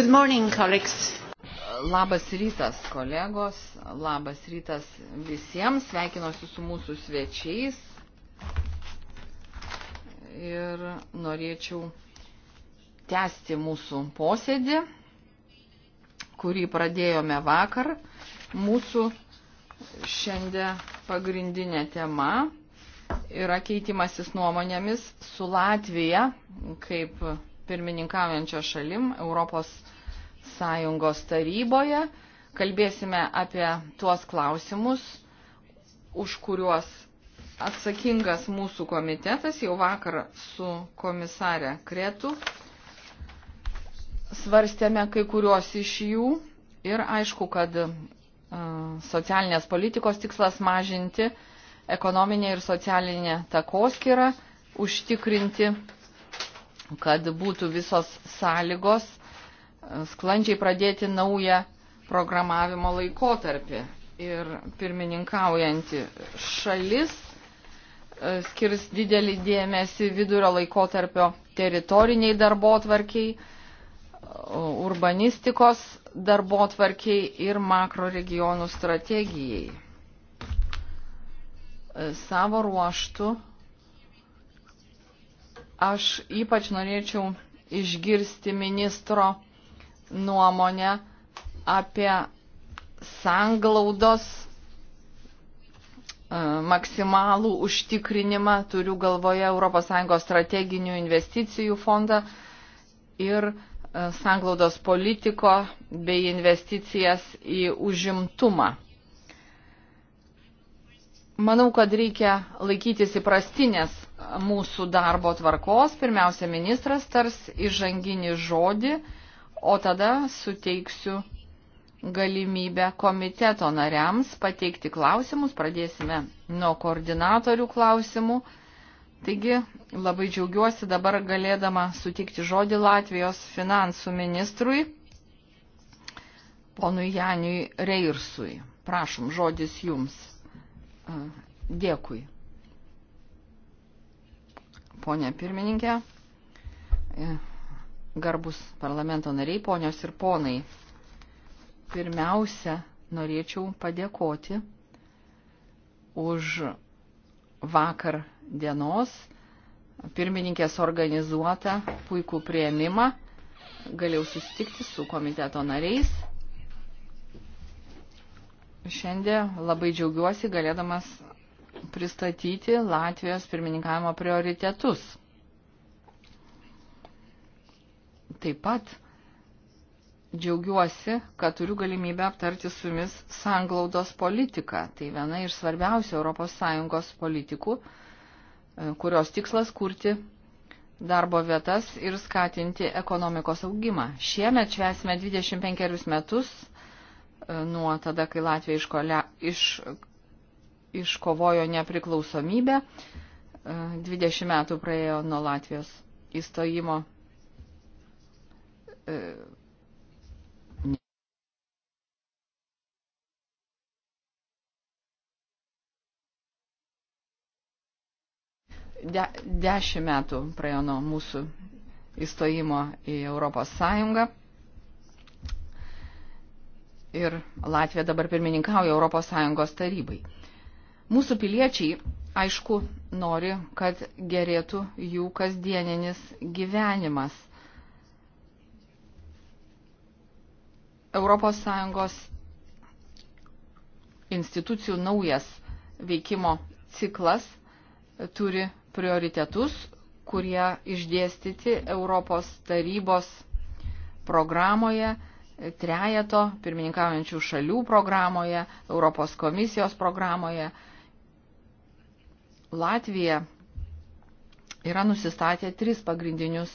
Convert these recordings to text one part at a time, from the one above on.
Good morning, colleagues. Labas rytas, kolegos. Labas rytas visiems. Sveikinuosi su mūsų svečiais. Ir norėčiau tęsti mūsų posėdį, kurį pradėjome vakar. Mūsų šiandien pagrindinė tema yra keitimasis nuomonėmis su Latvija kaip pirmininkaujančia šalim Europos Sąjungos sąjungos taryboje. Kalbėsime apie tuos klausimus, už kuriuos atsakingas mūsų komitetas jau vakar su komisarė Kretu. Svarstėme kai kuriuos iš jų ir aišku, kad e, socialinės politikos tikslas mažinti ekonominę ir socialinę takoskirą, užtikrinti, kad būtų visos sąlygos sklandžiai pradėti naują programavimo laikotarpį. Ir pirmininkaujanti šalis e, skirs didelį dėmesį vidurio laikotarpio teritoriniai darbo tvarkiai, e, urbanistikos darbo tvarkiai ir makro regionų strategijai. E, savo ruoštų aš ypač norėčiau išgirsti ministro nuomonę apie sanglaudos e, maksimalų užtikrinimą, turiu galvoje ES strateginių investicijų fondą ir e, sanglaudos politiko bei investicijas į užimtumą. Manau, kad reikia laikytis įprastinės mūsų darbo tvarkos. Pirmiausia, ministras tars įžanginį žodį o tada suteiksiu galimybę komiteto nariams pateikti klausimus. Pradėsime nuo koordinatorių klausimų. Taigi labai džiaugiuosi dabar galėdama sutikti žodį Latvijos finansų ministrui, ponui Janiui Reirsui. Prašom, žodis jums. Dėkui. Pone pirmininkė, e, garbus parlamento nariai, ponios ir ponai. Pirmiausia, norėčiau padėkoti už vakar dienos pirmininkės organizuotą puikų prieimimą. Galėjau susitikti su komiteto nariais. Šiandien labai džiaugiuosi galėdamas pristatyti Latvijos pirmininkavimo prioritetus – Taip pat džiaugiuosi, kad turiu galimybę aptarti su jumis sanglaudos politiką. Tai viena iš svarbiausių ES politikų, e, kurios tikslas kurti darbo vietas ir skatinti ekonomikos augimą. Šiemet švesime 25 metus e, nuo tada, kai Latvija iškolia, iš, iškovojo nepriklausomybę. 20 e, metų praėjo nuo Latvijos įstojimo De, dešimt metų praėjo nuo mūsų įstojimo į Europos Sąjungą. Ir Latvija dabar pirmininkauja Europos Sąjungos tarybai. Mūsų piliečiai, aišku, nori, kad gerėtų jų kasdieninis gyvenimas. ES institucijų naujas veikimo ciklas turi prioritetus, kurie išdėstyti Europos tarybos programoje, trejato pirmininkaujančių šalių programoje, Europos komisijos programoje. Latvija yra nusistatę tris pagrindinius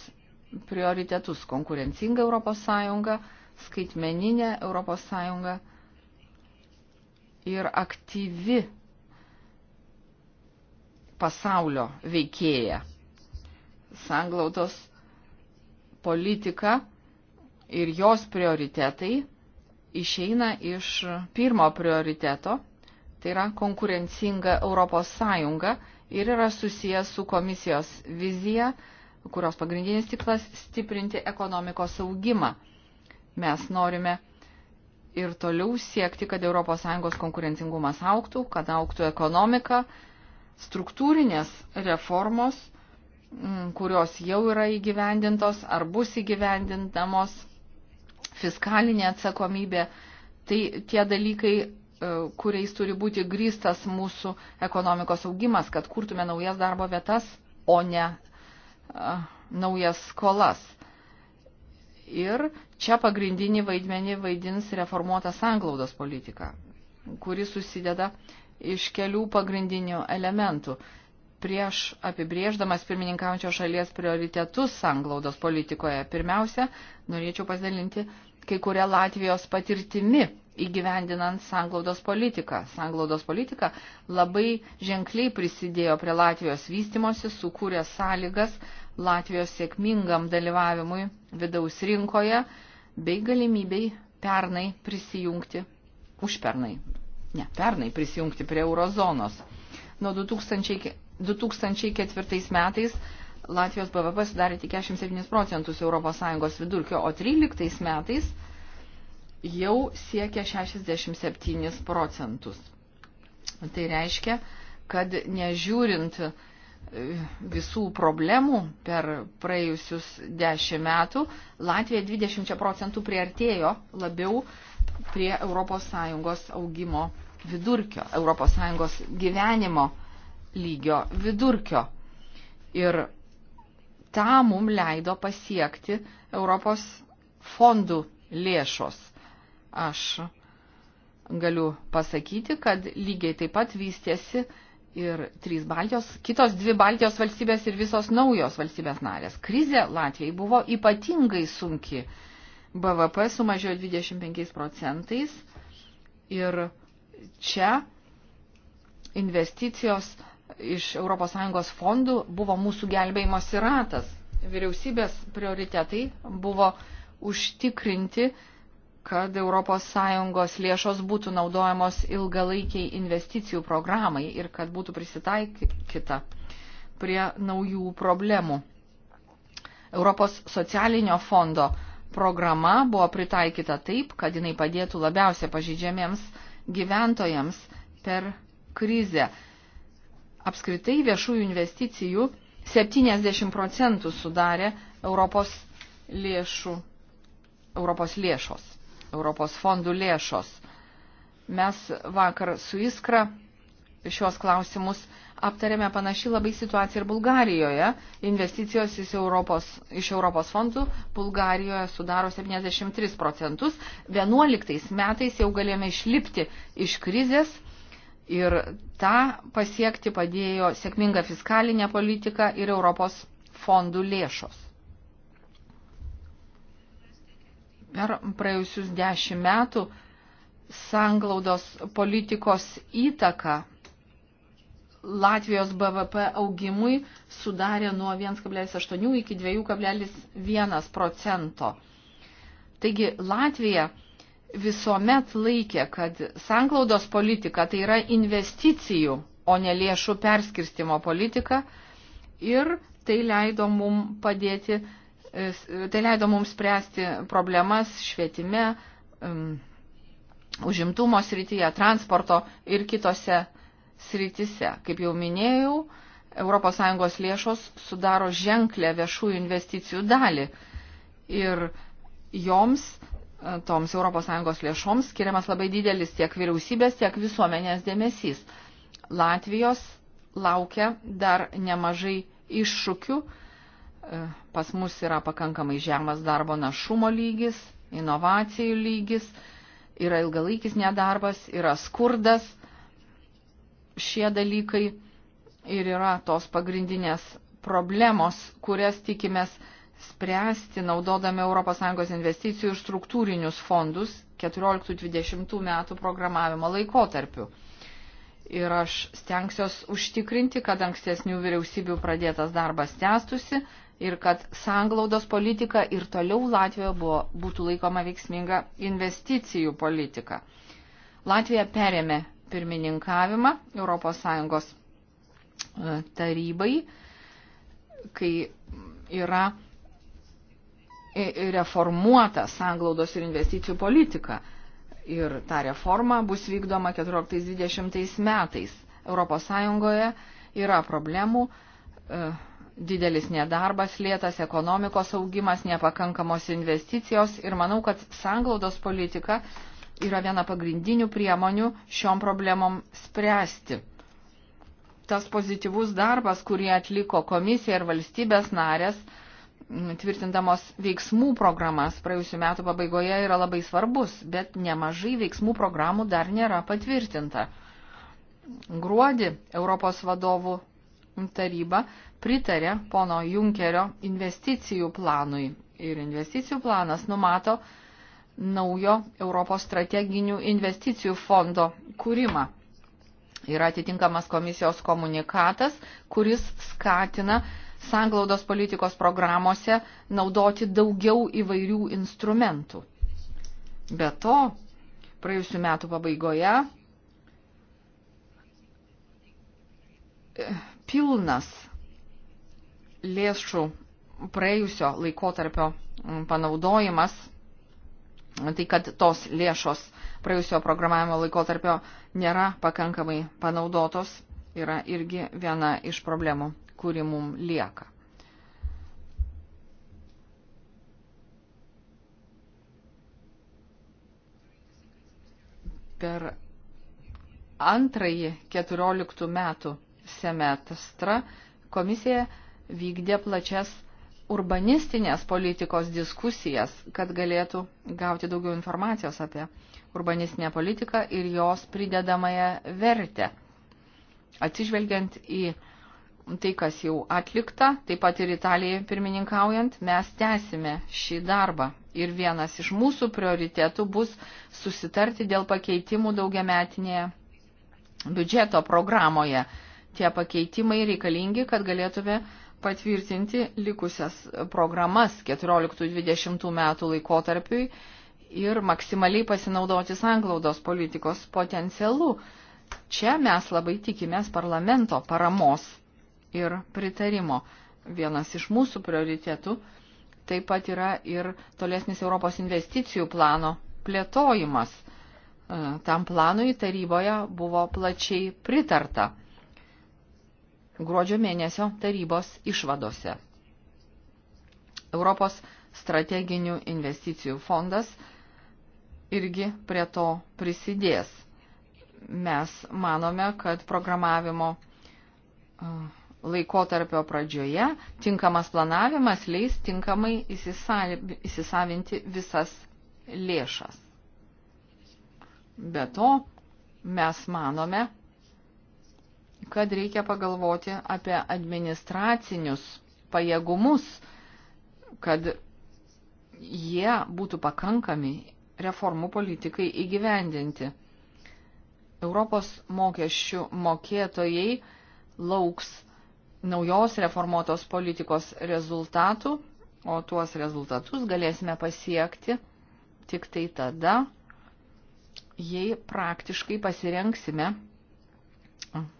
prioritetus - konkurencinga Europos Sąjunga, skaitmeninė Europos Sąjunga ir aktyvi pasaulio veikėja. Sanglautos politika ir jos prioritetai išeina iš pirmo prioriteto, tai yra konkurencinga Europos Sąjunga ir yra susijęs su komisijos vizija, kurios pagrindinis tiklas stiprinti ekonomikos augimą. Mes norime ir toliau siekti, kad ES konkurencingumas auktų, kad auktų ekonomika, struktūrinės reformos, mm, kurios jau yra įgyvendintos ar bus įgyvendintamos, fiskalinė atsakomybė, tai tie dalykai, e, kuriais turi būti grįstas mūsų ekonomikos augimas, kad kurtume naujas darbo vietas, o ne e, naujas skolas. Ir čia pagrindinį vaidmenį vaidins reformuota sanglaudos politika, kuri susideda iš kelių pagrindinių elementų. Prieš apibrėždamas pirmininkaujančio šalies prioritetus sanglaudos politikoje, pirmiausia, norėčiau pasidalinti kai kuria Latvijos patirtimi įgyvendinant sanglaudos politiką. Sanglaudos politika labai ženkliai prisidėjo prie Latvijos vystimosi, sukūrė sąlygas Latvijos sėkmingam dalyvavimui vidaus rinkoje bei galimybei pernai prisijungti, už pernai, ne, pernai prisijungti prie eurozonos. Nuo 2000, 2004 metais Latvijos BVP sudarė tik 47 procentus ES vidurkio, o 13 metais jau siekia 67 procentus. Tai reiškia, kad nežiūrint visų problemų per praėjusius 10 metų, Latvija 20 procentų priartėjo labiau prie ES augimo vidurkio, ES gyvenimo lygio vidurkio. Ir tą mum leido pasiekti Europos fondų lėšos. Aš galiu pasakyti, kad lygiai taip pat vystėsi ir trys Baltijos, kitos dvi Baltijos valstybės ir visos naujos valstybės narės. Krizė Latvijai buvo ypatingai sunki. BVP sumažėjo 25 procentais ir čia investicijos iš ES fondų buvo mūsų gelbėjimosi ratas. Vyriausybės prioritetai buvo užtikrinti kad ES lėšos būtų naudojamos ilgalaikiai investicijų programai ir kad būtų prisitaikyta prie naujų problemų. Europos socialinio fondo programa buvo pritaikyta taip, kad jinai padėtų labiausiai pažydžiamiems gyventojams per krizę. Apskritai viešųjų investicijų 70 procentų sudarė Europos lėšų. Europos lėšos. Europos fondų lėšos. Mes vakar su Iskra šios klausimus aptarėme panašiai labai situaciją ir Bulgarijoje. Investicijos iš Europos, iš Europos fondų Bulgarijoje sudaro 73 procentus. 11 metais jau galėjome išlipti iš krizės ir tą pasiekti padėjo sėkminga fiskalinė politika ir Europos fondų lėšos. per praėjusius dešimt metų sanglaudos politikos įtaka Latvijos BVP augimui sudarė nuo 1,8 iki 2,1 procento. Taigi Latvija visuomet laikė, kad sanglaudos politika tai yra investicijų, o ne lėšų perskirstimo politika ir tai leido mum padėti Tai leido mums spręsti problemas švietime, užimtumo srityje, transporto ir kitose srityse. Kaip jau minėjau, ES lėšos sudaro ženklę viešų investicijų dalį ir joms, e, toms ES lėšoms, skiriamas labai didelis tiek vyriausybės, tiek visuomenės dėmesys. Latvijos laukia dar nemažai iššūkių pas mus yra pakankamai žemas darbo našumo lygis, inovacijų lygis, yra ilgalaikis nedarbas, yra skurdas. Šie dalykai ir yra tos pagrindinės problemos, kurias tikimės spręsti naudodami ES investicijų ir struktūrinius fondus 14-20 metų programavimo laikotarpiu. Ir aš stengsiuos užtikrinti, kad ankstesnių vyriausybių pradėtas darbas tęstusi, ir kad sanglaudos politika ir toliau Latvijoje buvo, būtų laikoma veiksminga investicijų politika. Latvija perėmė pirmininkavimą ES e, tarybai, kai yra e, reformuota sanglaudos ir investicijų politika. Ir ta reforma bus vykdoma 14-20 metais. ES yra problemų, e, didelis nedarbas, lėtas ekonomikos augimas, nepakankamos investicijos ir manau, kad sanglaudos politika yra viena pagrindinių priemonių šiom problemom spręsti. Tas pozityvus darbas, kurį atliko komisija ir valstybės narės, tvirtindamos veiksmų programas praėjusiu metu pabaigoje yra labai svarbus, bet nemažai veiksmų programų dar nėra patvirtinta. Gruodį Europos vadovų taryba pritarė pono Junkerio investicijų planui. Ir investicijų planas numato naujo Europos strateginių investicijų fondo kūrimą. Yra atitinkamas komisijos komunikatas, kuris skatina sanglaudos politikos programuose naudoti daugiau įvairių instrumentų. Be to, praėjusiu metu pabaigoje e, pilnas lėšų praėjusio laikotarpio panaudojimas, tai kad tos lėšos praėjusio programavimo laikotarpio nėra pakankamai panaudotos, yra irgi viena iš problemų, kuri mums lieka. Per antrąjį 14 metų semestrą komisija vykdė plačias urbanistinės politikos diskusijas, kad galėtų gauti daugiau informacijos apie urbanistinę politiką ir jos pridedamąją vertę. Atsižvelgiant į tai, kas jau atlikta, taip pat ir Italijai pirmininkaujant, mes tęsime šį darbą. Ir vienas iš mūsų prioritetų bus susitarti dėl pakeitimų daugiametinėje biudžeto programoje. Tie pakeitimai reikalingi, kad galėtume patvirtinti likusias programas 14-20 metų laikotarpiui ir maksimaliai pasinaudoti sanglaudos politikos potencialu. Čia mes labai tikimės parlamento paramos ir pritarimo. Vienas iš mūsų prioritetų taip pat yra ir tolesnis Europos investicijų plano plėtojimas. E, tam planui taryboje buvo plačiai pritarta gruodžio mėnesio tarybos išvadose. Europos strateginių investicijų fondas irgi prie to prisidės. Mes manome, kad programavimo laikotarpio pradžioje tinkamas planavimas leis tinkamai įsisavinti visas lėšas. Be to, mes manome, kad reikia pagalvoti apie administracinius pajėgumus, kad jie būtų pakankami reformų politikai įgyvendinti. Europos mokesčių mokėtojai lauks naujos reformuotos politikos rezultatų, o tuos rezultatus galėsime pasiekti tik tai tada, jei praktiškai pasirenksime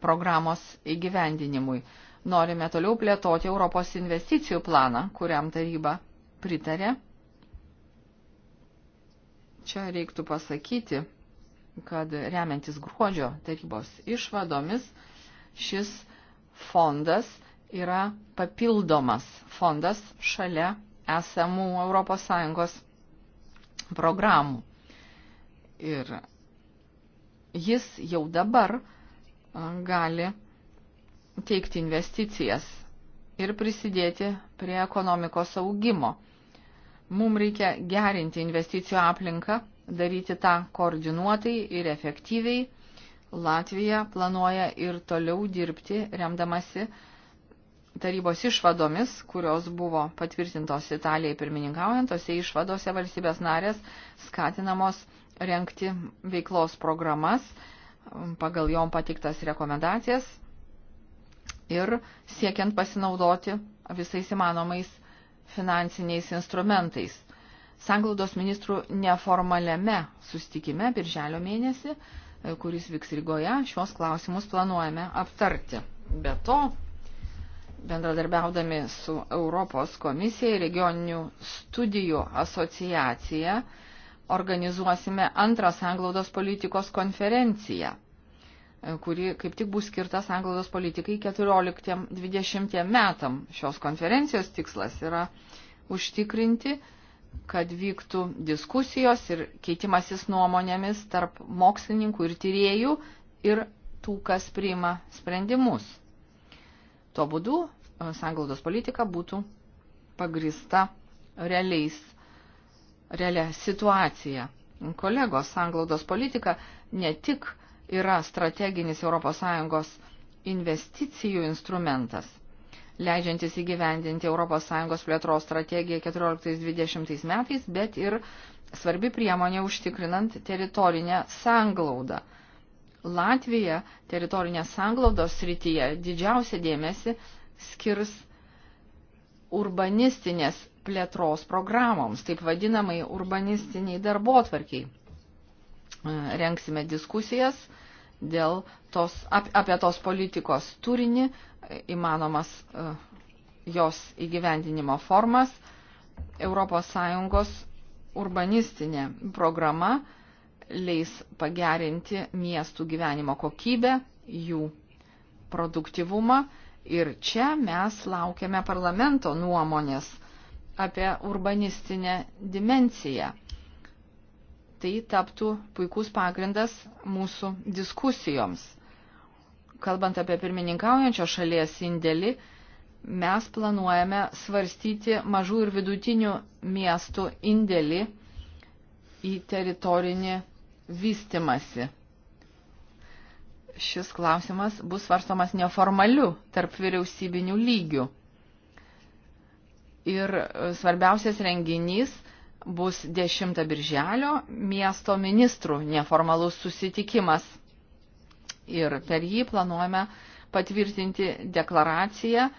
programos įgyvendinimui. Norime toliau plėtoti Europos investicijų planą, kuriam taryba pritarė. Čia reiktų pasakyti, kad remiantis gruodžio tarybos išvadomis, šis fondas yra papildomas fondas šalia esamų ES programų. Ir jis jau dabar gali teikti investicijas ir prisidėti prie ekonomikos augimo. Mums reikia gerinti investicijų aplinką, daryti tą koordinuotai ir efektyviai. Latvija planuoja ir toliau dirbti, remdamasi tarybos išvadomis, kurios buvo patvirtintos Italijai pirmininkaujant, tose išvadose valstybės narės skatinamos renkti veiklos programas Um, pagal jom patiktas rekomendacijas ir siekiant pasinaudoti visais įmanomais finansiniais instrumentais. Sanglaudos ministrų neformaliame sustikime birželio mėnesį, e, kuris vyks Rygoje, šios klausimus planuojame aptarti. Be to, bendradarbiaudami su Europos komisija ir regioninių studijų asociacija, organizuosime antrą sanglaudos politikos konferenciją, kuri kaip tik bus skirta sanglaudos politikai 14-20 metam. Šios konferencijos tikslas yra užtikrinti, kad vyktų diskusijos ir keitimasis nuomonėmis tarp mokslininkų ir tyriejų ir tų, kas priima sprendimus. Tuo būdu e, sanglaudos politika būtų pagrista realiais realią situaciją. Kolegos, sanglaudos politika ne tik yra strateginis ES investicijų instrumentas, leidžiantis įgyvendinti ES plėtros strategiją 14-20 metais, bet ir svarbi priemonė užtikrinant teritorinę sanglaudą. Latvija teritorinės sanglaudos srityje didžiausią dėmesį skirs urbanistinės plėtros programoms, taip vadinamai urbanistiniai darbotvarkiai. E, Renksime diskusijas dėl tos, ap, apie tos politikos turinį, e, įmanomas e, jos įgyvendinimo formas. ES urbanistinė programa leis pagerinti miestų gyvenimo kokybę, jų produktivumą ir čia mes laukiame parlamento nuomonės apie urbanistinę dimenciją. Tai taptų puikus pagrindas mūsų diskusijoms. Kalbant apie pirmininkaujančio šalies indėlį, mes planuojame svarstyti mažų ir vidutinių miestų indėlį į teritorinį vystimasi. Šis klausimas bus svarstomas neformaliu tarp vyriausybinių lygių. Ir e, svarbiausias renginys bus 10 birželio miesto ministrų neformalus susitikimas. Ir per jį planuojame patvirtinti deklaraciją e,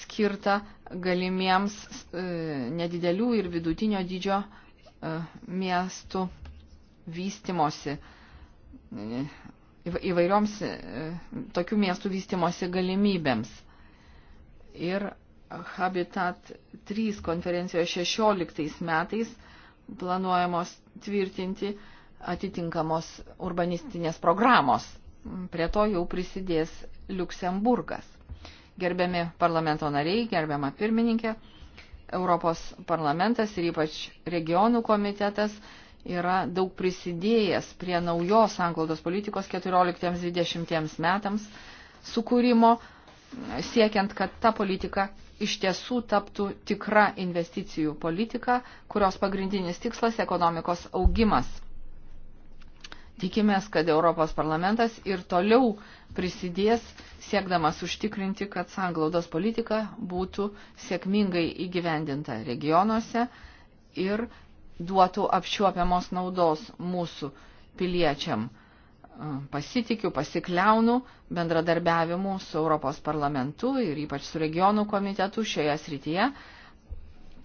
skirtą galimiems e, nedidelių ir vidutinio dydžio miestų vystimosi, įvairioms tokių miestų vystimosi galimybėms. Ir Habitat 3 konferencijoje 16 metais planuojamos tvirtinti atitinkamos urbanistinės programos. Prie to jau prisidės Luksemburgas. Gerbiami parlamento nariai, gerbiama pirmininkė, Europos parlamentas ir ypač regionų komitetas yra daug prisidėjęs prie naujos anglodos politikos 14-20 metams sukūrimo, siekiant, kad ta politika iš tiesų taptų tikra investicijų politika, kurios pagrindinis tikslas - ekonomikos augimas. Tikimės, kad Europos parlamentas ir toliau prisidės siekdamas užtikrinti, kad sanglaudos politika būtų sėkmingai įgyvendinta regionuose ir duotų apčiuopiamos naudos mūsų piliečiam pasitikiu, pasikliaunu bendradarbiavimu su Europos parlamentu ir ypač su regionų komitetu šioje srityje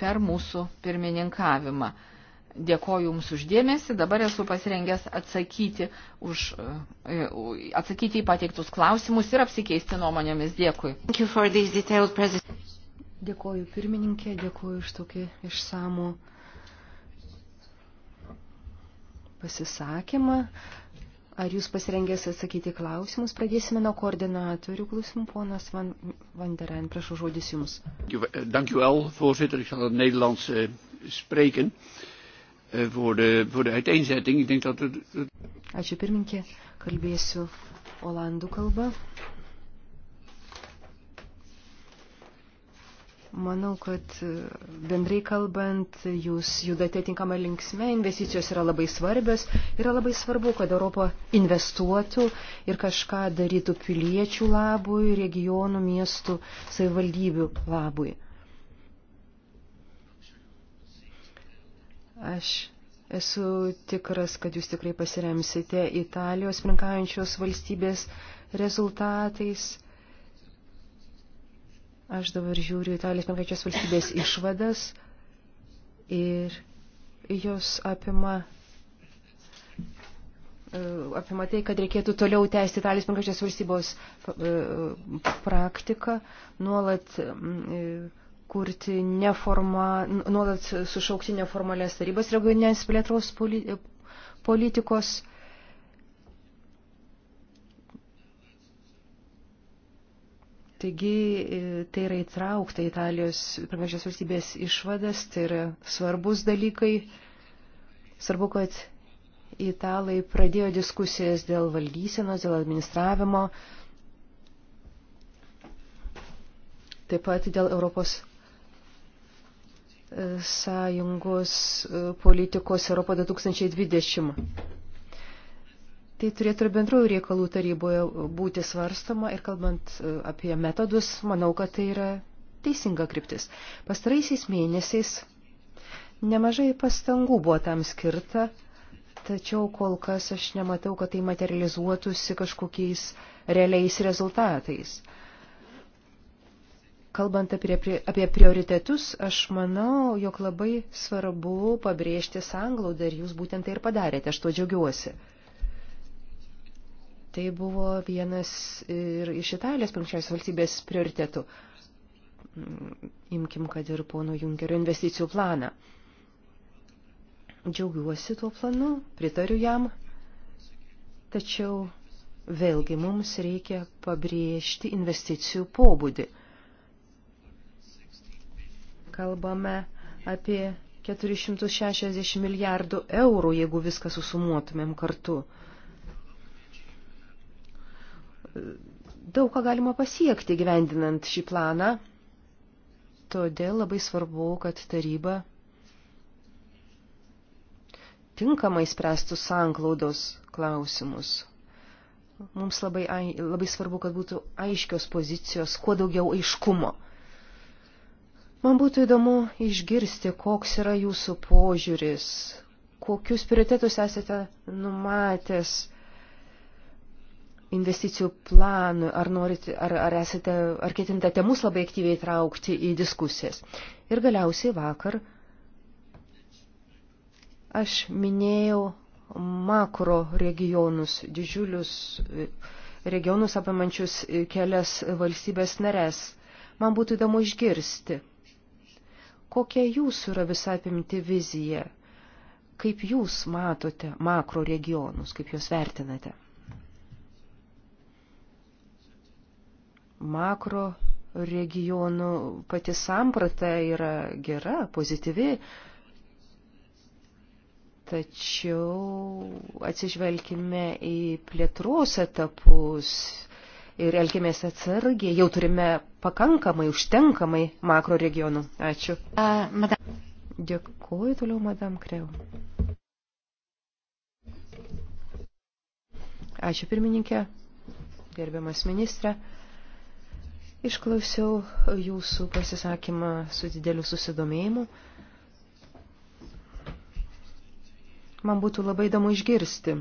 per mūsų pirmininkavimą. Dėkoju Jums uždėmesi, dabar esu pasirengęs atsakyti, už, e, atsakyti į pateiktus klausimus ir apsikeisti nuomonėmis. Dėkui. Dėkoju pirmininkė, dėkoju už tokį išsamų pasisakymą. Ar jūs pasirengęs atsakyti klausimus? Pradėsime nuo koordinatorių klausimų. Ponas Van, Van der Rijn, prašau žodis jums. Dank u wel, voorzitter. Ik zal het Nederlands uh, spreken uh, voor, de, voor de uiteenzetting. Ik denk dat het... Ačiū pirminkė, kalbėsiu olandų kalbą. Uh, Manau, kad e, bendrai kalbant, jūs judate tinkamą linksmę, investicijos yra labai svarbios, yra labai svarbu, kad Europa investuotų ir kažką darytų piliečių labui, regionų, miestų, savivaldybių labui. Aš esu tikras, kad jūs tikrai pasiremsite Italijos prinkaujančios valstybės rezultatais Aš dabar žiūriu Italijos konkrečios valstybės išvadas ir jos apima, e, apima tai, kad reikėtų toliau tęsti Italijos konkrečios valstybos e, praktiką, nuolat mm, e, kurti neforma, nuolat sušaukti neformalias tarybas regioninės plėtros politikos Taigi e, tai yra įtraukta Italijos pirmažios valstybės išvadas, tai yra svarbus dalykai. Svarbu, kad italai pradėjo diskusijas dėl valdysenos, dėl administravimo, taip pat dėl Europos e, sąjungos e, politikos Europo 2020. Tai turėtų ir bendrųjų reikalų taryboje būti svarstama ir kalbant e, apie metodus, manau, kad tai yra teisinga kryptis. Pastaraisiais mėnesiais nemažai pastangų buvo tam skirta, tačiau kol kas aš nematau, kad tai materializuotųsi kažkokiais realiais rezultatais. Kalbant apie, apie prioritetus, aš manau, jog labai svarbu pabrėžti sanglaudą ir jūs būtent tai ir padarėte, aš to džiaugiuosi. Tai buvo vienas ir iš Italijos panašios valstybės prioritetų. Imkim, kad ir pono Junkerio investicijų planą. Džiaugiuosi tuo planu, pritariu jam, tačiau vėlgi mums reikia pabrėžti investicijų pobūdį. Kalbame apie 460 milijardų eurų, jeigu viską susumuotumėm kartu. Daug ką galima pasiekti gyvendinant šį planą, todėl labai svarbu, kad taryba tinkamai spręstų sanklaudos klausimus. Mums labai, labai svarbu, kad būtų aiškios pozicijos, kuo daugiau aiškumo. Man būtų įdomu išgirsti, koks yra jūsų požiūris, kokius prioritetus esate numatęs investicijų planui, ar, norite, ar, ar, esate, ar ketintate mus labai aktyviai traukti į diskusijas. Ir galiausiai vakar aš minėjau makro regionus, didžiulius regionus apimančius kelias valstybės narės. Man būtų įdomu išgirsti, kokia jūsų yra visai apimti vizija, kaip jūs matote makro regionus, kaip juos vertinate. makro regionų pati samprata yra gera, pozityvi, tačiau atsižvelgime į plėtros etapus ir elgėmės atsargiai, jau turime pakankamai, užtenkamai makro regionų. Ačiū. A, madam. Dėkuoju toliau, madam Kreu. Ačiū pirmininkė, gerbiamas ministrė. Išklausiau jūsų pasisakymą su dideliu susidomėjimu. Man būtų labai įdomu išgirsti.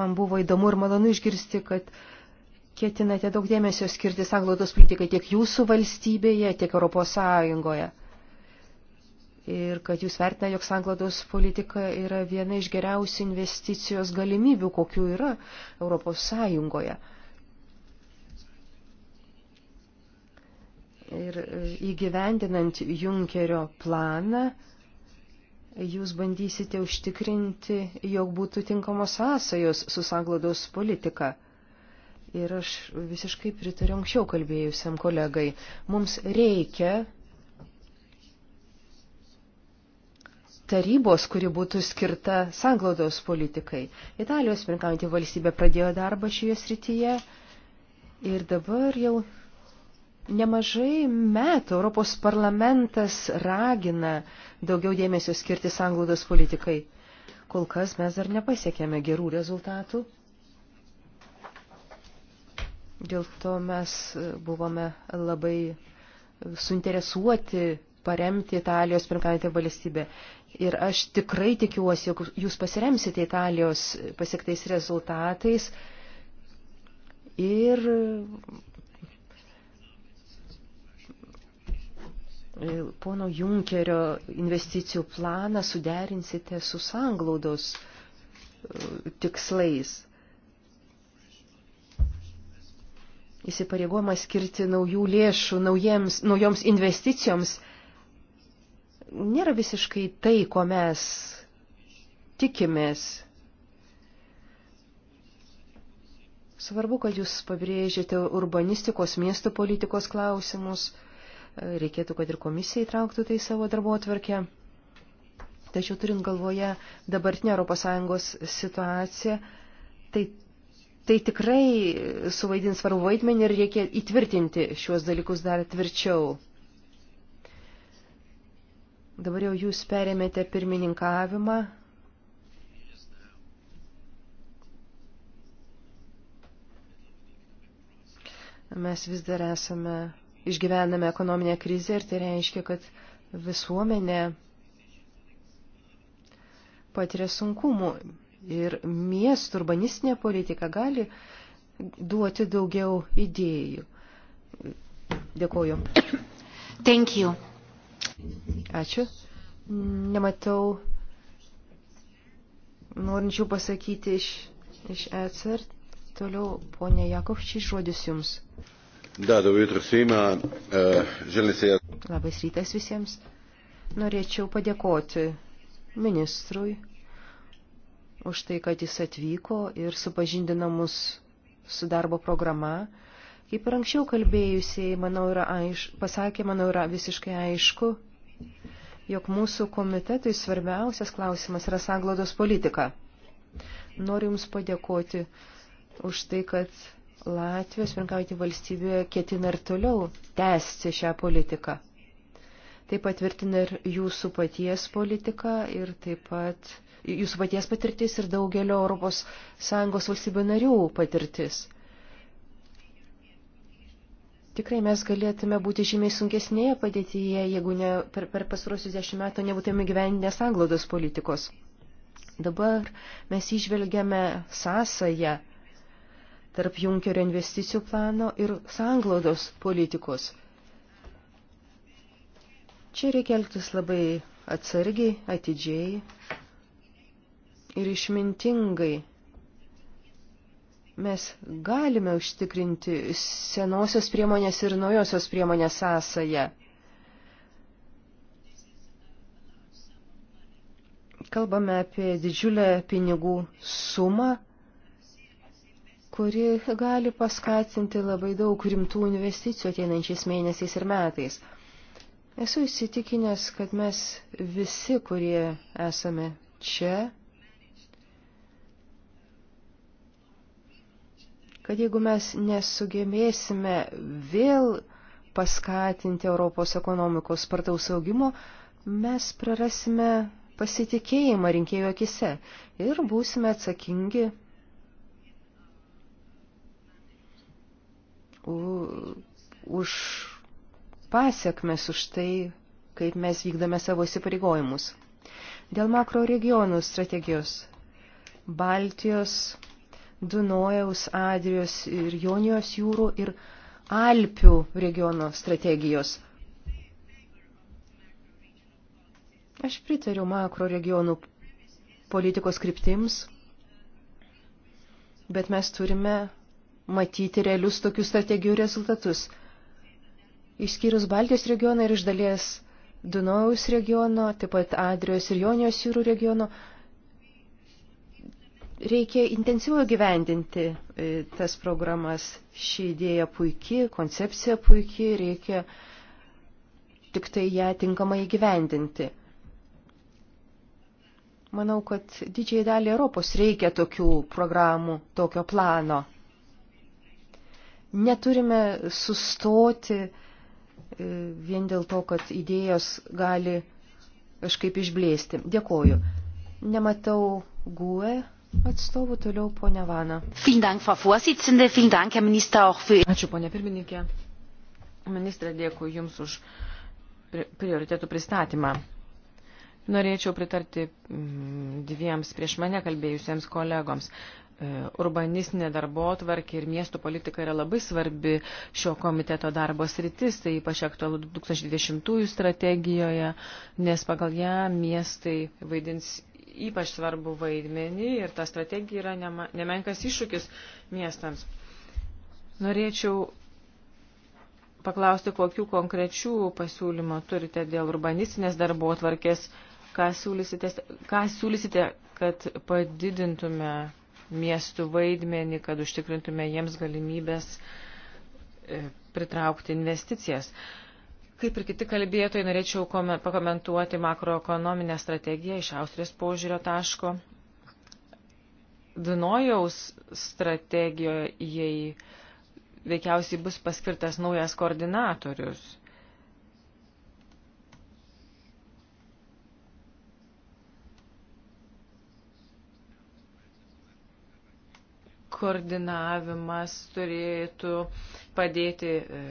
Man buvo įdomu ir malonu išgirsti, kad ketinate daug dėmesio skirti sanglaudos politikai tiek jūsų valstybėje, tiek Europos Sąjungoje ir kad jūs vertina, jog sanglaudos politika yra viena iš geriausių investicijos galimybių, kokių yra Europos Sąjungoje. Ir e, įgyvendinant Junkerio planą, jūs bandysite užtikrinti, jog būtų tinkamos sąsajos su sanglaudos politika. Ir aš visiškai pritariu anksčiau kalbėjusiam kolegai. Mums reikia tarybos, kuri būtų skirta sanglaudos politikai. Italijos pirmkaujantį valstybę pradėjo darbą šioje srityje ir dabar jau nemažai metų Europos parlamentas ragina daugiau dėmesio skirti sanglaudos politikai. Kol kas mes dar nepasiekėme gerų rezultatų. Dėl to mes buvome labai suinteresuoti paremti Italijos pirmkaujantį valstybę. Ir aš tikrai tikiuosi, jog jūs pasiremsite Italijos pasiektais rezultatais ir e, pono Junkerio investicijų planą suderinsite su sanglaudos e, tikslais. Įsipareigojimas skirti naujų lėšų naujiems, naujoms investicijoms – nėra visiškai tai, ko mes tikimės. Svarbu, kad jūs pabrėžėte urbanistikos miestų politikos klausimus. Reikėtų, kad ir komisija įtrauktų tai savo darbo atvarkę. Tačiau turint galvoje dabartinę ES situaciją, tai, tai tikrai suvaidins svarbu vaidmenį ir reikia įtvirtinti šiuos dalykus dar tvirčiau. Dabar jau jūs perėmėte pirmininkavimą. Mes vis dar esame, išgyvename ekonominę krizę ir tai reiškia, kad visuomenė patiria sunkumų ir miestų urbanistinė politika gali duoti daugiau idėjų. Dėkuoju. Thank you. Ačiū. Nematau norinčių pasakyti iš, iš ECR. Toliau, ponė Jakovčiai, žodis jums. Da, dobro jutro svima. E, želim se ja... Labas rytas visiems. Norėčiau padėkoti ministrui už tai, kad jis atvyko ir supažindino mus su darbo programa. Kaip ir anksčiau kalbėjusiai, manau, yra aiš... pasakė, manau, yra visiškai aišku, jog mūsų komitetui svarbiausias klausimas yra sanglaudos politika. Noriu Jums padėkoti už tai, kad Latvijos pirmkauti valstybė ketina ir toliau tęsti šią politiką. Tai patvirtina ir jūsų paties politika ir taip pat jūsų paties patirtis ir daugelio Europos Sąjungos valstybių narių patirtis. Tikrai mes galėtume būti žymiai sunkesnėje padėtyje, jeigu ne, per, per pasruosius dešimt metų nebūtume gyveninę sanglaudos politikos. Dabar mes išvelgiame sąsąją tarp Junkerio investicijų plano ir sanglaudos politikos. Čia reikia elgtis labai atsargiai, atidžiai ir išmintingai, Mes galime užtikrinti senosios priemonės ir naujosios priemonės sąsąją. Kalbame apie didžiulę pinigų sumą, kuri gali paskatinti labai daug rimtų investicijų ateinančiais mėnesiais ir metais. Esu įsitikinęs, kad mes visi, kurie esame čia, kad jeigu mes nesugebėsime vėl paskatinti Europos ekonomikos spartaus augimo, mes prarasime pasitikėjimą rinkėjų akise ir būsime atsakingi už pasiekmes, už tai, kaip mes vykdame savo įsipareigojimus. Dėl makro regionų strategijos Baltijos Dunojaus, Adrijos ir Jonijos jūrų ir Alpių regiono strategijos. Aš pritariu makro regionų politikos kryptims, bet mes turime matyti realius tokių strategijų rezultatus. Išskyrus Baltijos regioną ir iš dalies Dunojaus regiono, taip pat Adrijos ir Jonijos jūrų regiono, Reikia intensyviau gyvendinti e, tas programas. Ši idėja puikiai, koncepcija puikiai, reikia tik tai ją tinkamai įgyvendinti. Manau, kad didžiai dalį Europos reikia tokių programų, tokio plano. Neturime sustoti e, vien dėl to, kad idėjos gali kažkaip išblėsti. Dėkoju. Nematau GUE atstovų toliau ponia Vana. Ačiū ponia pirmininkė. Ministrė, dėkui Jums už prioritėtų pristatymą. Norėčiau pritarti mm, dviems prieš mane kalbėjusiems kolegoms. E, urbanistinė darbo tvarkė ir miestų politika yra labai svarbi šio komiteto darbo sritis, tai ypač aktualu 2020 strategijoje, nes pagal ją miestai vaidins ypač svarbu vaidmenį ir ta strategija yra nema, nemenkas iššūkis miestams. Norėčiau paklausti, kokiu konkrečių pasiūlymo turite dėl urbanistinės darbo atvarkės, ką siūlysite, ką siūlysite, kad padidintume miestų vaidmenį, kad užtikrintume jiems galimybės e, pritraukti investicijas. Uh, Kaip ir kiti kalbėtojai, norėčiau pakomentuoti makroekonominę strategiją iš Austrijos požiūrio taško. Dunojaus strategijoje veikiausiai bus paskirtas naujas koordinatorius. Koordinavimas turėtų padėti e,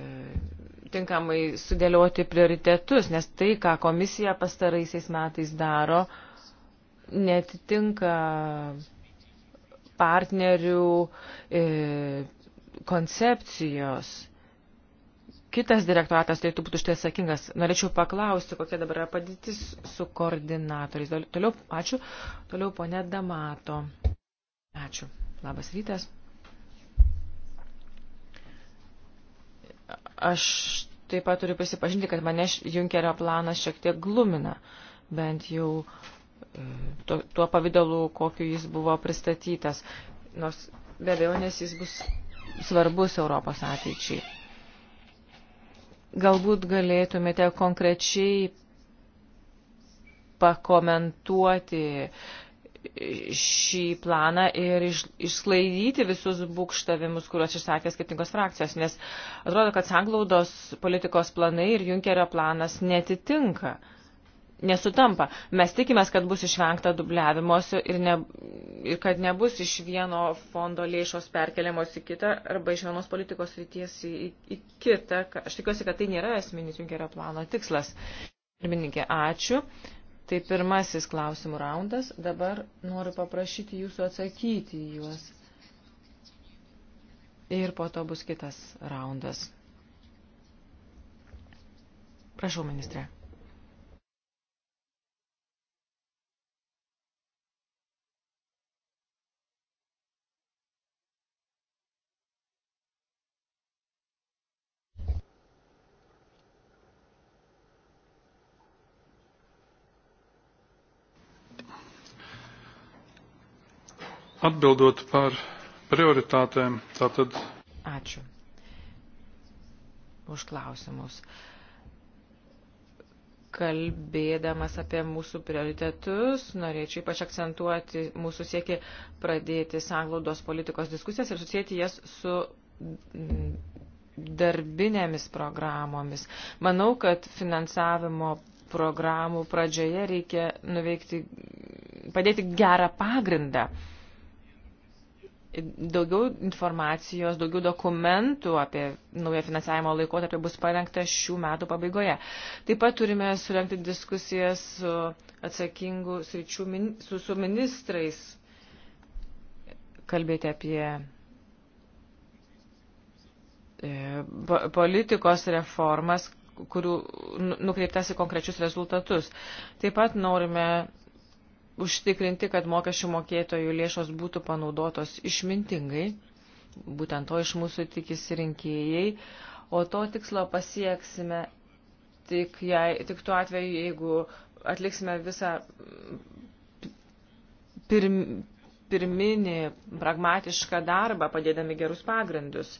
tinkamai sudėlioti prioritetus, nes tai, ką komisija pastaraisiais metais daro, netitinka partnerių e, koncepcijos. Kitas direktoratas turėtų tai būti už tai atsakingas. Norėčiau paklausti, kokia dabar yra padėtis su koordinatoriais. Toliau, ačiū. Toliau ponė Damato. Ačiū. Labas rytas. Aš taip pat turiu prisipažinti, kad mane Junkerio planas šiek tiek glumina, bent jau e, tuo, tuo pavydalu, kokiu jis buvo pristatytas, nors be abejo, nes jis bus svarbus Europos ateičiai. Galbūt galėtumėte konkrečiai pakomentuoti šį planą ir iš, išsklaidyti visus būkštavimus, kuriuos išsakė skirtingos frakcijos, nes atrodo, kad sanglaudos politikos planai ir Junkerio planas netitinka, nesutampa. Mes tikimės, kad bus išvengta dubliavimuose ir, ne, ir kad nebus iš vieno fondo lėšos perkeliamos į kitą arba iš vienos politikos ryties į, į, į kitą. Aš tikiuosi, kad tai nėra esminis Junkerio plano tikslas. Pirmininkė, ačiū. Tai pirmasis klausimų raundas. Dabar noriu paprašyti jūsų atsakyti į juos. Ir po to bus kitas raundas. Prašau, ministrė. Atbildot par prioritātēm, tātad. Ačiū už klausimus. Kalbėdamas apie mūsų prioritetus, norėčiau ypač akcentuoti mūsų siekį pradėti sanglaudos politikos diskusijas ir susijęti jas su mm, darbinėmis programomis. Manau, kad finansavimo programų pradžioje reikia nuveikti, padėti gerą pagrindą. Uh, Daugiau informacijos, daugiau dokumentų apie naują finansavimo laikotarpį bus parengta šių metų pabaigoje. Taip pat turime surenkti diskusijas su atsakingų sričių, su, su ministrais, kalbėti apie e, politikos reformas, kurių nu, nukreiptas į konkrečius rezultatus. Taip pat norime užtikrinti, kad mokesčių mokėtojų lėšos būtų panaudotos išmintingai, būtent to iš mūsų tikisi rinkėjai, o to tikslo pasieksime tik, jei, tik tuo atveju, jeigu atliksime visą pirm, pirminį pragmatišką darbą, padėdami gerus pagrindus.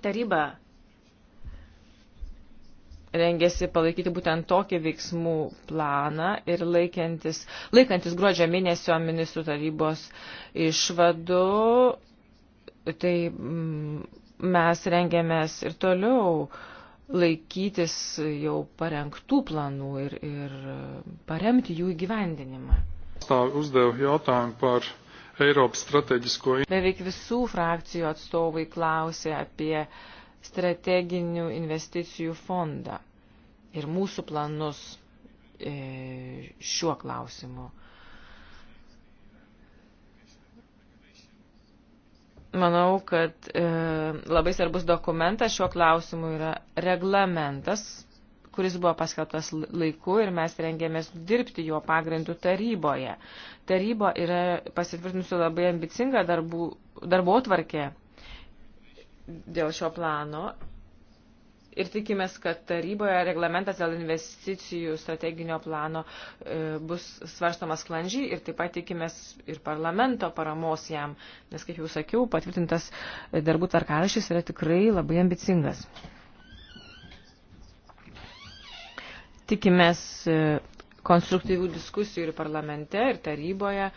Taryba rengėsi palaikyti būtent tokį veiksmų planą ir laikantis, laikantis gruodžio mėnesio ministrų tarybos išvadų, tai mm, mes rengėmės ir toliau laikytis jau parengtų planų ir, ir paremti jų įgyvendinimą. Beveik visų frakcijų atstovai klausė apie uh, strateginių investicijų fondą ir mūsų planus e, šiuo klausimu. Manau, kad e, labai svarbus dokumentas šiuo klausimu yra reglamentas, kuris buvo paskelbtas laiku ir mes rengėmės dirbti jo pagrindų taryboje. Taryba yra pasitvirtinusi labai ambicingą darbų, darbo tvarkę dėl šio plano ir tikimės, kad taryboje reglamentas dėl investicijų strateginio plano e, bus svarstamas sklandžiai ir taip pat tikimės ir parlamento paramos jam, nes, kaip jau sakiau, patvirtintas darbų tvarkarašys yra tikrai labai ambicingas. Tikimės e, konstruktyvių diskusijų ir parlamente, ir taryboje,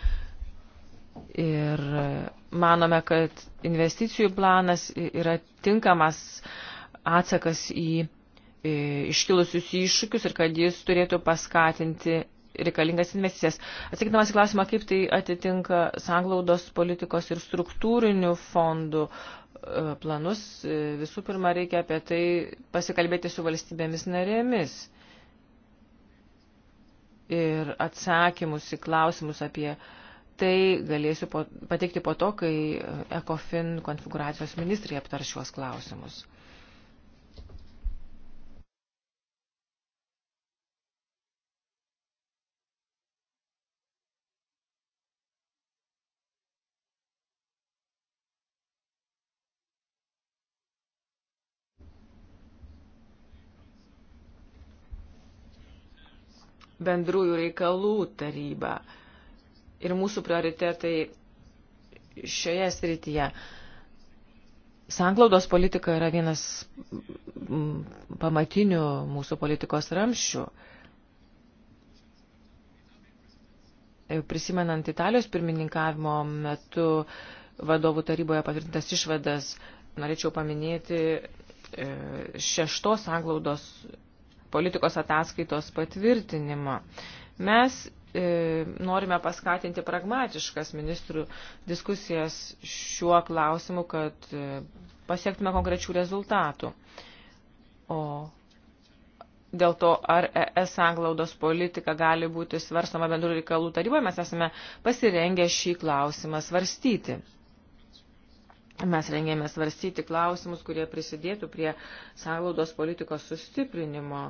Ir manome, kad investicijų planas yra tinkamas atsakas į iškilusius iššūkius ir kad jis turėtų paskatinti reikalingas investicijas. Atsakydamas į klausimą, kaip tai atitinka sanglaudos politikos ir struktūrinių fondų e, planus, e, visų pirma, reikia apie tai pasikalbėti su valstybėmis narėmis. Ir atsakymus į klausimus apie uh, tai galėsiu po, pateikti po to, kai ECOFIN konfiguracijos ministrai aptar šiuos klausimus. bendrųjų reikalų taryba ir mūsų prioritetai šioje srityje. Sanklaudos politika yra vienas pamatinių mūsų politikos ramščių. E, prisimenant Italijos pirmininkavimo metu vadovų taryboje patvirtintas išvadas, norėčiau paminėti e, šeštos sanglaudos politikos ataskaitos patvirtinimą. Mes E, norime paskatinti pragmatiškas ministrų diskusijas šiuo klausimu, kad e, pasiektume konkrečių rezultatų. O dėl to, ar ES anglaudos politika gali būti svarstama bendrų reikalų taryboje, mes esame pasirengę šį klausimą svarstyti. Mes rengėme svarstyti klausimus, kurie prisidėtų prie sąlaudos politikos sustiprinimo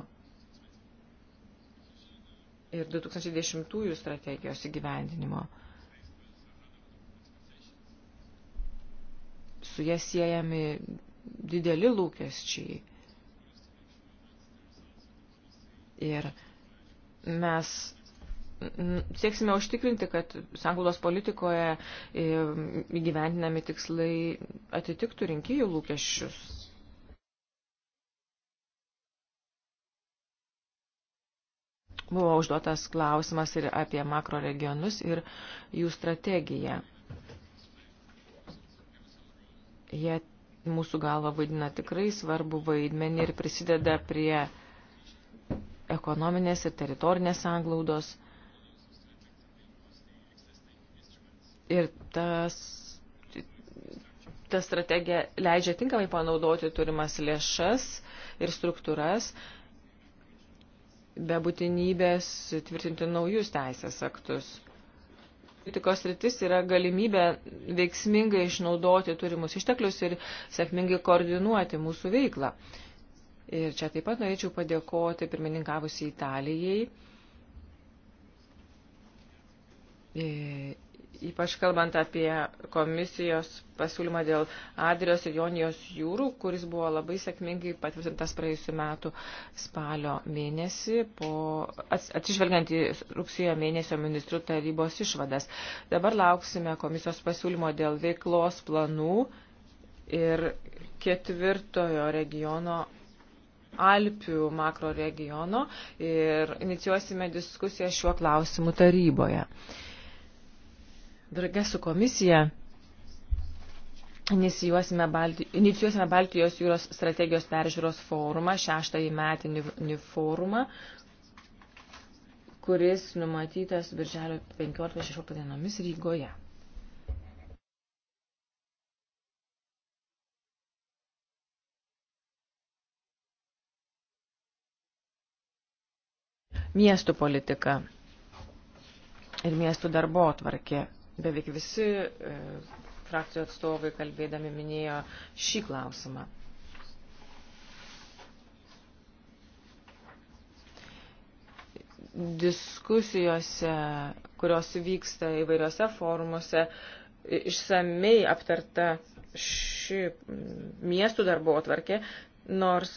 ir 2010 strategijos įgyvendinimo. Su jie siejami dideli lūkesčiai. Ir mes sieksime užtikrinti, kad sanglaudos politikoje e, įgyvendinami tikslai atitiktų rinkėjų lūkesčius Buvo užduotas klausimas ir apie makroregionus ir jų strategiją. Jie mūsų galva vaidina tikrai svarbu vaidmenį ir prisideda prie ekonominės ir teritorinės sanglaudos. Ir tas, ta strategija leidžia tinkamai panaudoti turimas lėšas ir struktūras be būtinybės tvirtinti naujus teisės aktus. Politikos rytis yra galimybė veiksmingai išnaudoti turimus išteklius ir sėkmingai koordinuoti mūsų veiklą. Ir čia taip pat norėčiau padėkoti pirmininkavusi Italijai e, ypač kalbant apie komisijos pasiūlymą dėl Adrijos ir Jonijos jūrų, kuris buvo labai sėkmingai patvirtintas praėjusiu metu spalio mėnesį, po, atsižvelgiant į rugsėjo mėnesio ministrų tarybos išvadas. Dabar lauksime komisijos pasiūlymo dėl veiklos planų ir ketvirtojo regiono Alpių makro regiono ir inicijuosime diskusiją šiuo klausimu taryboje. Uh, Drage su komisija inicijuosime, Balti, inicijuosime Baltijos jūros strategijos peržiūros forumą, šeštąjį metinį forumą, kuris numatytas birželio 15-16 dienomis Rygoje. Miestų politika ir miestų darbo atvarkė beveik visi e, frakcijų atstovai kalbėdami minėjo šį klausimą. Diskusijose, kurios vyksta įvairiose forumuose, išsamei aptarta ši miestų darbo atvarkė, nors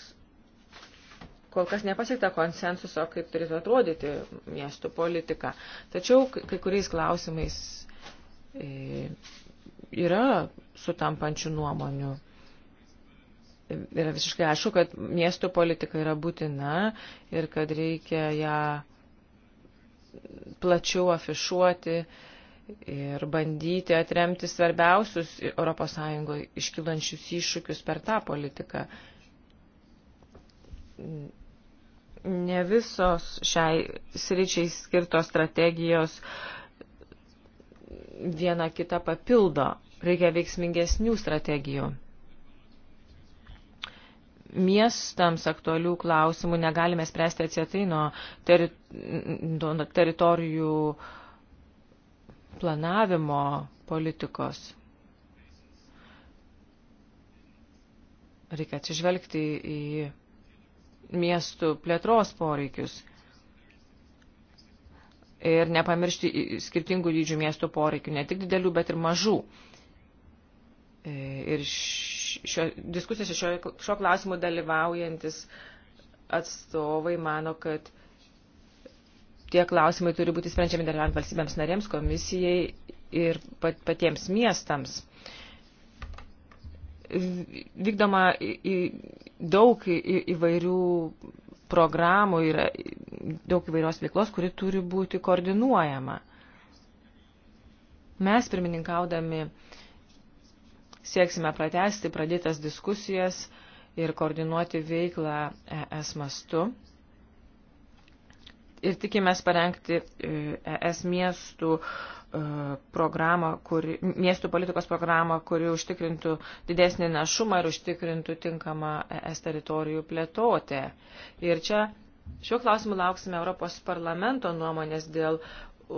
kol kas nepasiekta konsensuso, kaip turėtų atrodyti miestų politika. Tačiau kai kuriais klausimais E, yra sutampančių nuomonių. Yra visiškai aišku, kad miestų politika yra būtina ir kad reikia ją plačiau afišuoti ir bandyti atremti svarbiausius ES iškilančius iššūkius per tą politiką. Ne visos šiai sričiai skirtos strategijos uh, viena kita papildo. Reikia veiksmingesnių strategijų. Miestams aktualių klausimų negalime spręsti atsietai nuo, teri, nuo teritorijų planavimo politikos. Reikia atsižvelgti į miestų plėtros poreikius ir nepamiršti skirtingų dydžių miestų poreikių, ne tik didelių, bet ir mažų. E, ir šio, diskusijose šio, šio klausimu dalyvaujantis atstovai mano, kad tie klausimai turi būti sprendžiami dalyvaujant valstybėms narėms, komisijai ir pat, patiems miestams. Vykdoma į, į, daug į, įvairių programų yra daug įvairios veiklos, kuri turi būti koordinuojama. Mes pirmininkaudami sieksime pratesti pradėtas diskusijas ir koordinuoti veiklą ES mastu. Ir tikimės parengti ES e miestų e, programą, kuri, miestų politikos programą, kuri užtikrintų didesnį našumą ir užtikrintų tinkamą ES teritorijų plėtotę. Ir čia Šiuo klausimu lauksime Europos parlamento nuomonės dėl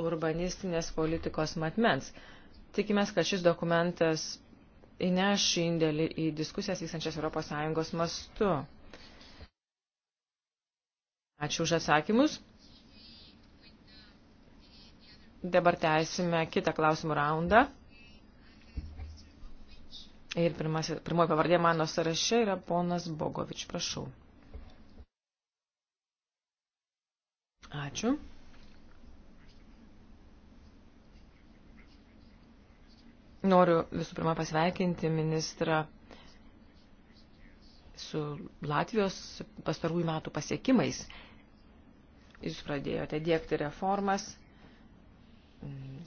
urbanistinės politikos matmens. Tikimės, kad šis dokumentas įneš indėlį į diskusijas vykstančias ES mastu. Ačiū už atsakymus. Dabar tęsime kitą klausimų raundą. Ir pirmoji pavardė mano sąraše yra ponas Bogovič. Prašau. Ačiū. Noriu visų pirma pasveikinti ministrą su Latvijos pastarųjų metų pasiekimais. Jūs pradėjote dėkti reformas,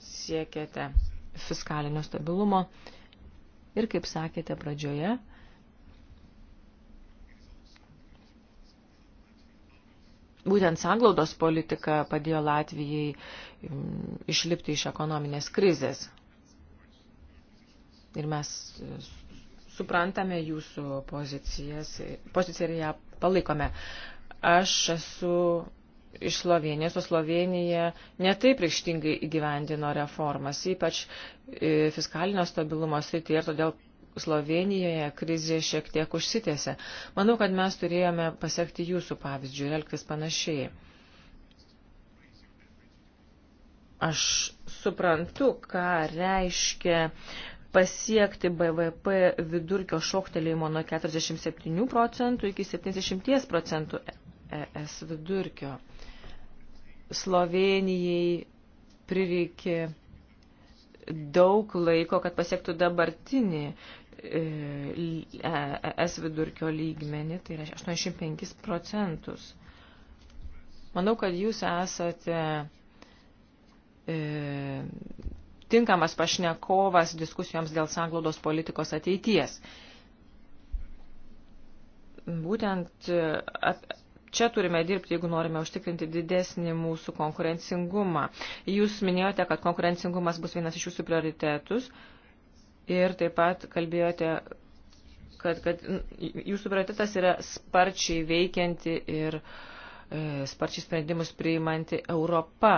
siekėte fiskalinio stabilumo ir, kaip sakėte pradžioje, Būtent sanglaudos politika padėjo Latvijai mm, išlipti iš ekonominės krizės. Ir mes e, suprantame jūsų pozicijas, poziciją ir ją palaikome. Aš esu iš Slovenijos, o Slovenija netaip reikštingai įgyvendino reformas, ypač e, fiskalinio stabilumo srityje ir todėl Slovenijoje krizė šiek tiek užsitėse. Manau, kad mes turėjome pasiekti jūsų pavyzdžių ir elgtis panašiai. Aš suprantu, ką reiškia pasiekti BVP vidurkio šoktelėjimo nuo 47 procentų iki 70 procentų ES vidurkio. Slovenijai prireikė daug laiko, kad pasiektų dabartinį E, e, e, es vidurkio lygmenį, tai yra 85 procentus. Manau, kad jūs esate e, tinkamas pašnekovas diskusijoms dėl sanglaudos politikos ateities. Būtent ap, čia turime dirbti, jeigu norime užtikrinti didesnį mūsų konkurencingumą. Jūs minėjote, kad konkurencingumas bus vienas iš jūsų prioritetus. E, ir taip pat kalbėjote, kad, kad jūsų prioritetas yra sparčiai veikianti ir e, sparčiai sprendimus priimanti Europa.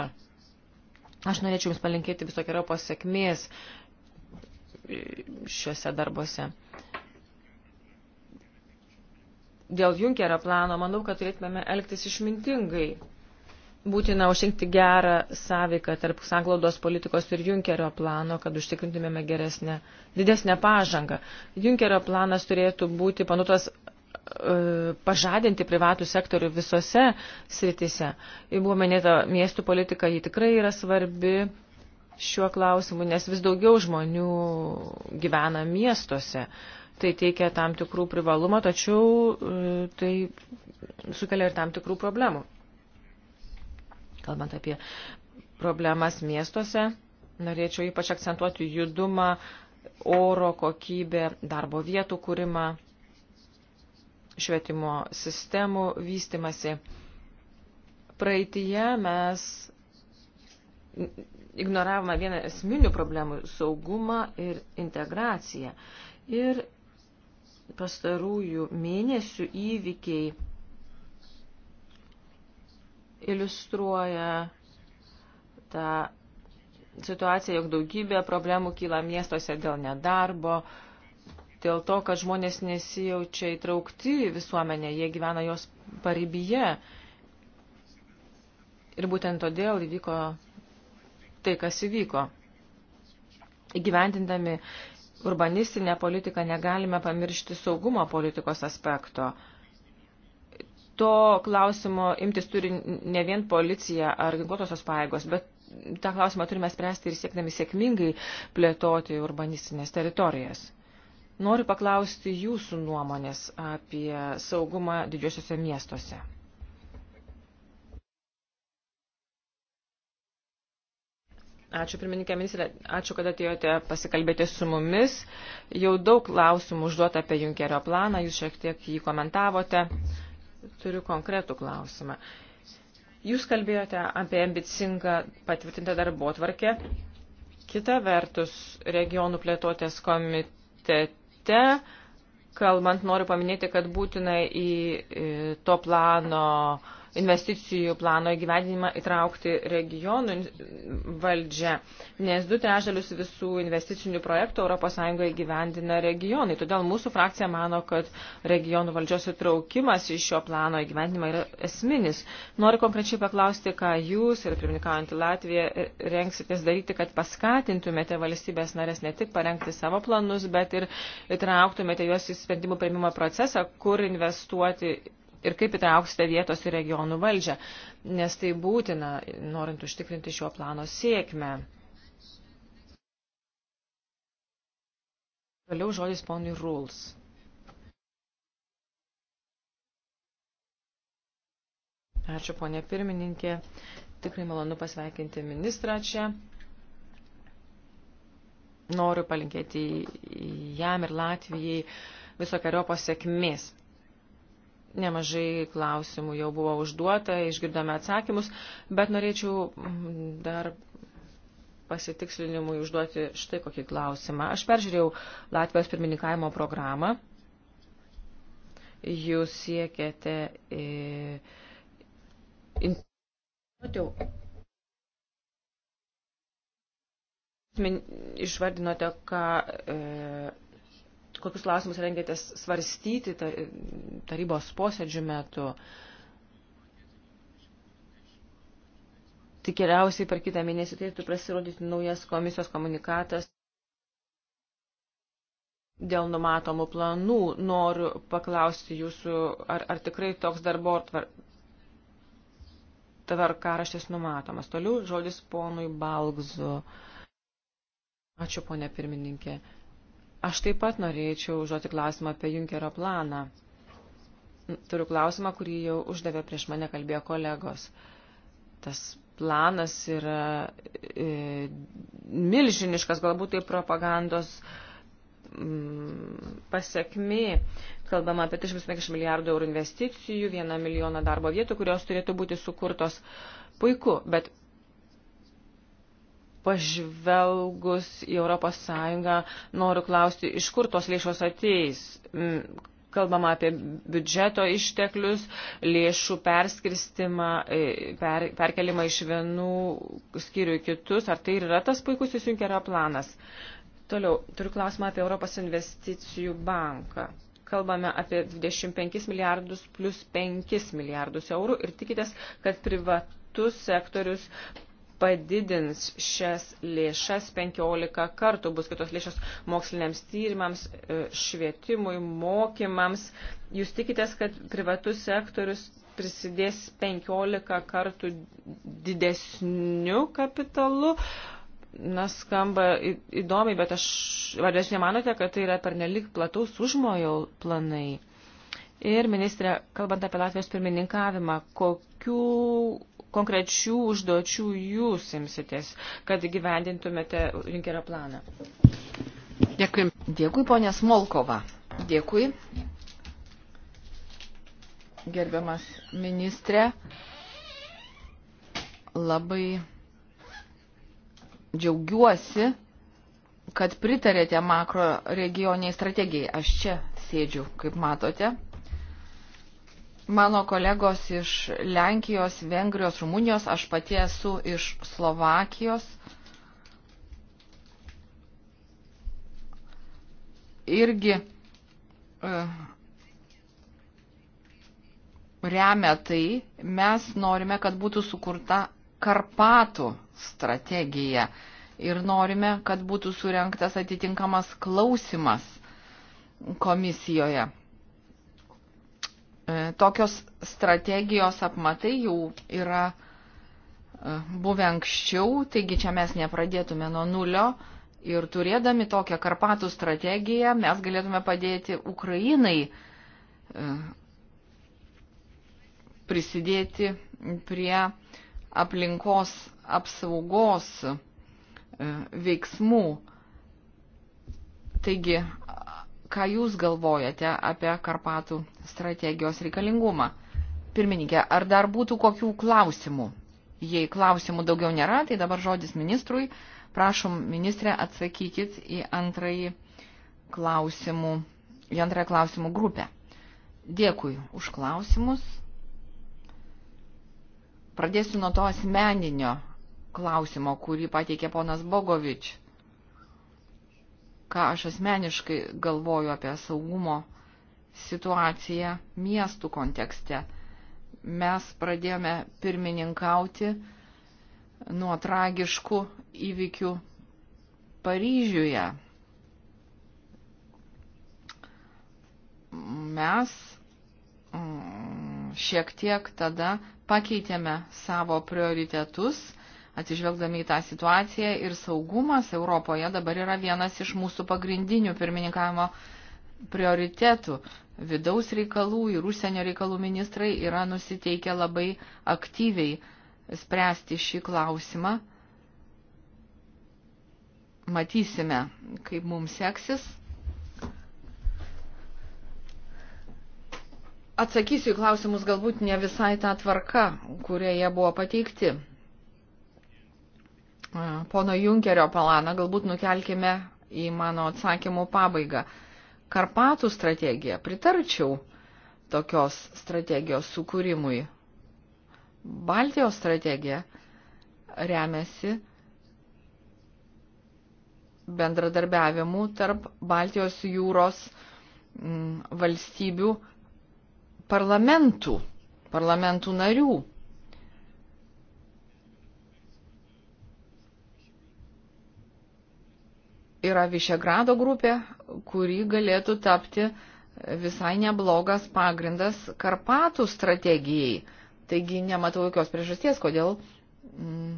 Aš norėčiau Jums palinkėti visokio Europos sėkmės e, šiuose darbuose. Dėl Junkerio plano manau, kad turėtumėme elgtis išmintingai būtina užsinkti gerą sąveiką tarp sanglaudos politikos ir Junkerio plano, kad užtikrintumėme geresnę, didesnę pažangą. Junkerio planas turėtų būti panutas e, pažadinti privatų sektorių visose sritise. Jau buvo minėta miestų politika, ji tikrai yra svarbi šiuo klausimu, nes vis daugiau žmonių gyvena miestuose. Tai teikia tam tikrų privalumą, tačiau e, tai sukelia ir tam tikrų problemų. Kalbant apie problemas miestuose, norėčiau ypač akcentuoti judumą, oro kokybę, darbo vietų kūrimą, švietimo sistemų vystimasi. Praeitie mes ignoravome vieną esminių problemų - saugumą ir integraciją. Ir pastarųjų mėnesių įvykiai iliustruoja tą situaciją, jog daugybė problemų kyla miestuose dėl nedarbo, dėl to, kad žmonės nesijaučia įtraukti į visuomenę, jie gyvena jos paribyje. Ir būtent todėl įvyko tai, kas įvyko. Įgyvendindami urbanistinę politiką negalime pamiršti saugumo politikos aspekto to klausimo imtis turi ne vien policija ar ginkluotosios pajėgos, bet tą klausimą turime spręsti ir siekdami sėkmingai plėtoti urbanistinės teritorijas. Noriu paklausti jūsų nuomonės apie saugumą didžiosiuose miestuose. Ačiū, pirmininkė ministrė, ačiū, kad atėjote pasikalbėti su mumis. Jau daug klausimų užduota apie Junkerio planą, jūs šiek tiek jį komentavote turiu konkretų klausimą. Jūs kalbėjote apie ambicingą patvirtintą darbo tvarkę. Kita vertus, regionų plėtotės komitete, kalbant, noriu paminėti, kad būtina į e, to plano uh, investicijų plano įgyvendinimą įtraukti regionų valdžią, nes du trešdalius visų investicinių projektų ES įgyvendina regionai. Todėl mūsų frakcija mano, kad regionų valdžios įtraukimas iš šio plano įgyvendinimą yra esminis. Noriu konkrečiai paklausti, ką jūs ir pirmininkaujantį Latviją renksitės daryti, kad paskatintumėte valstybės narės ne tik parengti savo planus, bet ir įtrauktumėte juos į sprendimų prieimimo procesą, kur investuoti ir kaip įtrauksite vietos ir regionų valdžią, nes tai būtina, norint užtikrinti šio plano sėkmę. Toliau žodis ponui rules. Ačiū, ponė pirmininkė. Tikrai malonu pasveikinti ministrą čia. Noriu palinkėti jam ir Latvijai visokiojo pasiekmės. Nemažai klausimų jau buvo užduota, išgirdome atsakymus, bet norėčiau mm, dar pasitikslinimui užduoti štai kokį klausimą. Aš peržiūrėjau Latvijos pirmininkavimo programą. Jūs siekiate e, in, išvardinote, ką e, kokius klausimus rengėtės svarstyti tarybos posėdžių metu. Tikriausiai per kitą mėnesį turėtų prasirodyti naujas komisijos komunikatas dėl numatomų planų. Noriu paklausti jūsų, ar, ar tikrai toks darbo tvar... tvarkaraštis numatomas. Toliau žodis ponui Balgzu. Ačiū, ponė pirmininkė. Aš taip pat norėčiau užduoti klausimą apie Junkerio planą. Turiu klausimą, kurį jau uždavė prieš mane kalbėjo kolegos. Tas planas yra e, milžiniškas, galbūt tai propagandos mm, pasiekmi. Kalbama apie 350 milijardų eurų investicijų, 1 milijoną darbo vietų, kurios turėtų būti sukurtos. Puiku, bet pažvelgus į Europos Sąjungą, noriu klausti, iš kur tos lėšos ateis? Mm, kalbama apie biudžeto išteklius, lėšų perskirstimą, e, per, perkelimą iš vienų skyrių į kitus. Ar tai yra tas puikus įsijunkerio planas? Toliau, turiu klausimą apie Europos investicijų banką. Kalbame apie 25 milijardus plus 5 milijardus eurų ir tikitės, kad privat privatus sektorius padidins šias lėšas 15 kartų. Bus kitos lėšos moksliniams tyrimams, e, švietimui, mokymams. Jūs tikitės, kad privatus sektorius prisidės 15 kartų didesniu kapitalu? Na, skamba įdomiai, bet aš, ar jūs nemanote, kad tai yra pernelik plataus užmojo planai? Ir ministrė, kalbant apie Latvijos pirmininkavimą, kokių konkrečių užduočių jūs imsitės, kad gyvendintumėte rinkerio planą? Dėkui. Dėkui, ponė Smolkova. Dėkui. Gerbiamas ministrė, labai džiaugiuosi, kad pritarėte makro regioniai strategijai. Aš čia sėdžiu, kaip matote mano kolegos iš Lenkijos, Vengrijos, Rumunijos, aš pati esu iš Slovakijos. Irgi e, remia tai, mes norime, kad būtų sukurta Karpatų strategija ir norime, kad būtų surinktas atitinkamas klausimas komisijoje. E, tokios strategijos apmatai jau yra e, buvę anksčiau, taigi čia mes nepradėtume nuo nulio ir turėdami tokią Karpatų strategiją mes galėtume padėti Ukrainai e, prisidėti prie aplinkos apsaugos veiksmų. Taigi ką Jūs galvojate apie Karpatų strategijos reikalingumą. Pirmininkė, ar dar būtų kokių klausimų? Jei klausimų daugiau nėra, tai dabar žodis ministrui. Prašom, ministrė, atsakykit į antrąjį klausimų, į antrąją klausimų grupę. Dėkui už klausimus. Pradėsiu nuo to asmeninio klausimo, kurį pateikė ponas Bogovič ką aš asmeniškai galvoju apie saugumo situaciją miestų kontekste. Mes pradėjome pirmininkauti nuo tragiškų įvykių Paryžiuje. Mes mm, šiek tiek tada pakeitėme savo prioritetus atsižvelgdami į tą situaciją ir saugumas Europoje dabar yra vienas iš mūsų pagrindinių pirmininkavimo prioritetų. Vidaus reikalų ir užsienio reikalų ministrai yra nusiteikę labai aktyviai spręsti šį klausimą. Matysime, kaip mums seksis. Atsakysiu į klausimus galbūt ne visai tą tvarką, kurie jie buvo pateikti pono Junkerio planą galbūt nukelkime į mano atsakymų pabaigą. Karpatų strategija, pritarčiau tokios strategijos sukūrimui. Baltijos strategija remiasi bendradarbiavimu tarp Baltijos jūros mm, valstybių parlamentų, parlamentų narių. yra Višegrado grupė, kuri galėtų tapti visai neblogas pagrindas Karpatų strategijai. Taigi nematau jokios priežasties, kodėl mm,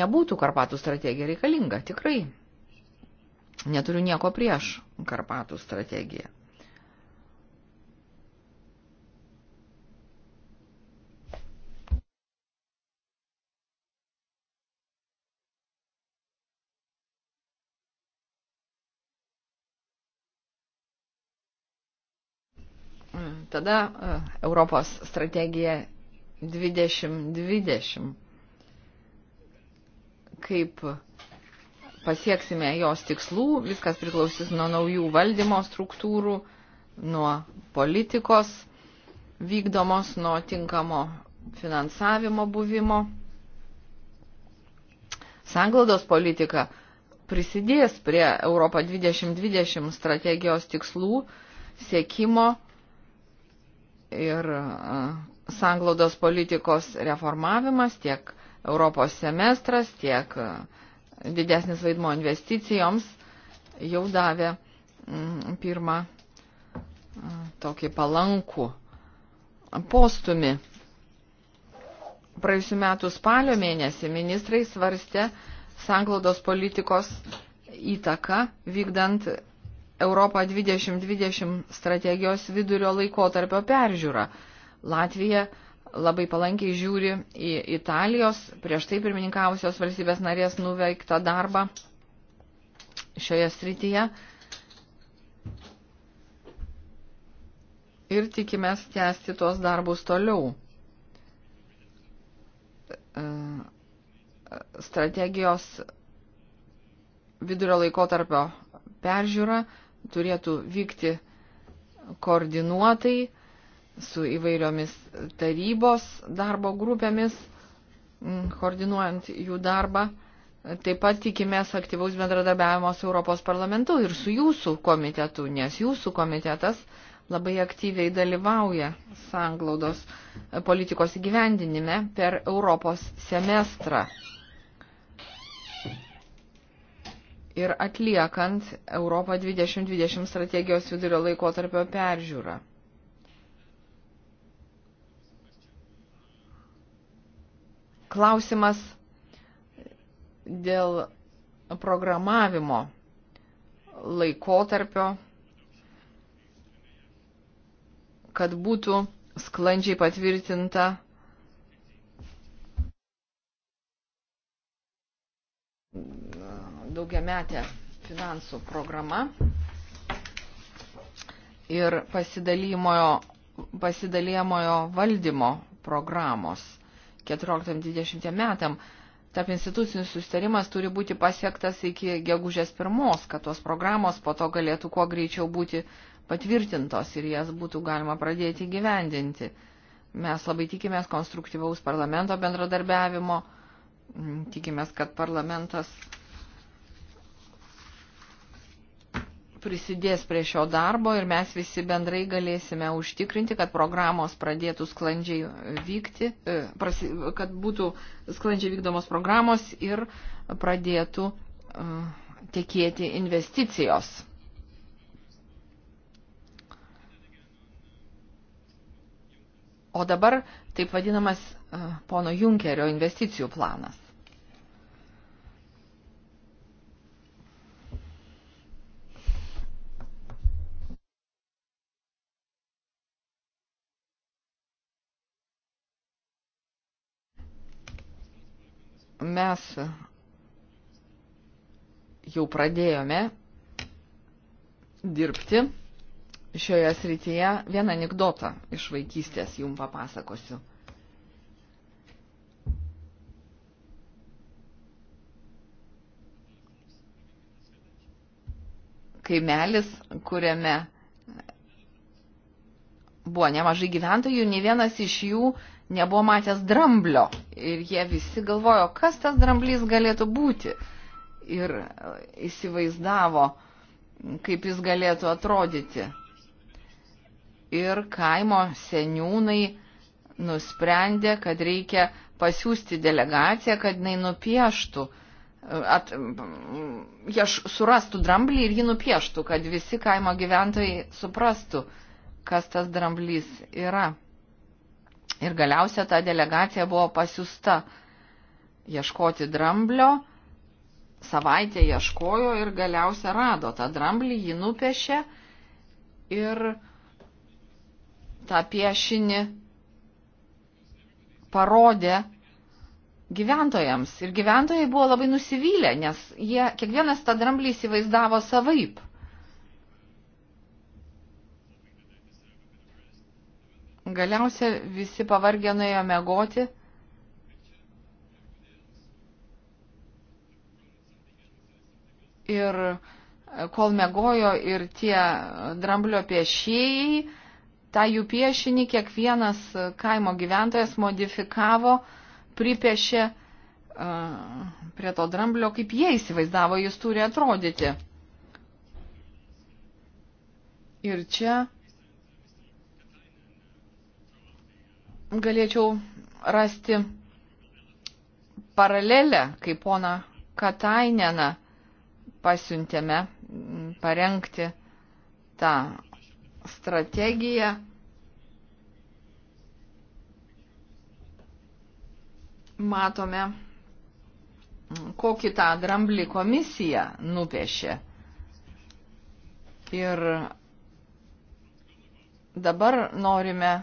nebūtų Karpatų strategija reikalinga. Tikrai neturiu nieko prieš Karpatų strategiją. Tada e, Europos strategija 2020. Kaip pasieksime jos tikslų, viskas priklausys nuo naujų valdymo struktūrų, nuo politikos vykdomos, nuo tinkamo finansavimo buvimo. Sanglaudos politika prisidės prie Europą 2020 strategijos tikslų siekimo ir sanglaudos politikos reformavimas, tiek Europos semestras, tiek didesnis vaidmo investicijoms jau davė mm, pirmą tokį palankų postumi. Praėjusiu metu spalio mėnesį ministrai svarstė sanglaudos politikos įtaką vykdant Europą 2020 strategijos vidurio laikotarpio peržiūrą. Latvija labai palankiai žiūri į Italijos prieš tai pirmininkavusios valstybės narės nuveiktą darbą šioje srityje. Ir tikimės tęsti tuos darbus toliau. Strategijos vidurio laikotarpio peržiūra turėtų vykti koordinuotai su įvairiomis tarybos darbo grupėmis, mm, koordinuojant jų darbą. Taip pat tikimės aktyvaus bendradarbiavimo su Europos parlamentu ir su jūsų komitetu, nes jūsų komitetas labai aktyviai dalyvauja sanglaudos politikos įgyvendinime per Europos semestrą. ir atliekant Europą 2020 strategijos vidurio laikotarpio peržiūrą. Klausimas dėl programavimo laikotarpio, kad būtų sklandžiai patvirtinta daugiametė finansų programa ir pasidalėmojo valdymo programos 14-20 metam. Tarp institucinis sustarimas turi būti pasiektas iki gegužės pirmos, kad tos programos po to galėtų kuo greičiau būti patvirtintos ir jas būtų galima pradėti gyvendinti. Mes labai tikimės konstruktyvaus parlamento bendradarbiavimo, mm, tikimės, kad parlamentas prisidės prie šio darbo ir mes visi bendrai galėsime užtikrinti, kad programos pradėtų sklandžiai vykti, e, kad būtų sklandžiai vykdomos programos ir pradėtų e, tekėti investicijos. O dabar taip vadinamas e, pono Junkerio investicijų planas. Mes jau pradėjome dirbti šioje srityje. Vieną anegdotą iš vaikystės jums papasakosiu. kaimelis, kuriame buvo nemažai gyventojų, ne vienas iš jų nebuvo matęs dramblio ir jie visi galvojo, kas tas dramblys galėtų būti ir įsivaizdavo, kaip jis galėtų atrodyti. Ir kaimo seniūnai nusprendė, kad reikia pasiūsti delegaciją, kad jinai nupieštų, at, jieš, surastų dramblį ir jį nupieštų, kad visi kaimo gyventojai suprastų, kas tas dramblys yra. Ir galiausia ta delegacija buvo pasiusta ieškoti dramblio, savaitę ieškojo ir galiausia rado tą dramblį, jį nupešė ir tą piešinį parodė gyventojams. Ir gyventojai buvo labai nusivylę, nes jie kiekvienas tą dramblį įsivaizdavo savaip. Galiausia visi pavargę nuėjo mėgoti. Ir kol mėgojo ir tie dramblio piešėjai, tą jų piešinį kiekvienas kaimo gyventojas modifikavo, pripiešė prie to dramblio, kaip jie įsivaizdavo, jis turi atrodyti. Ir čia galėčiau rasti paralelę, kai pona Kataineną pasiuntėme parengti tą strategiją. Matome, kokį tą dramblį komisija nupiešė. Ir dabar norime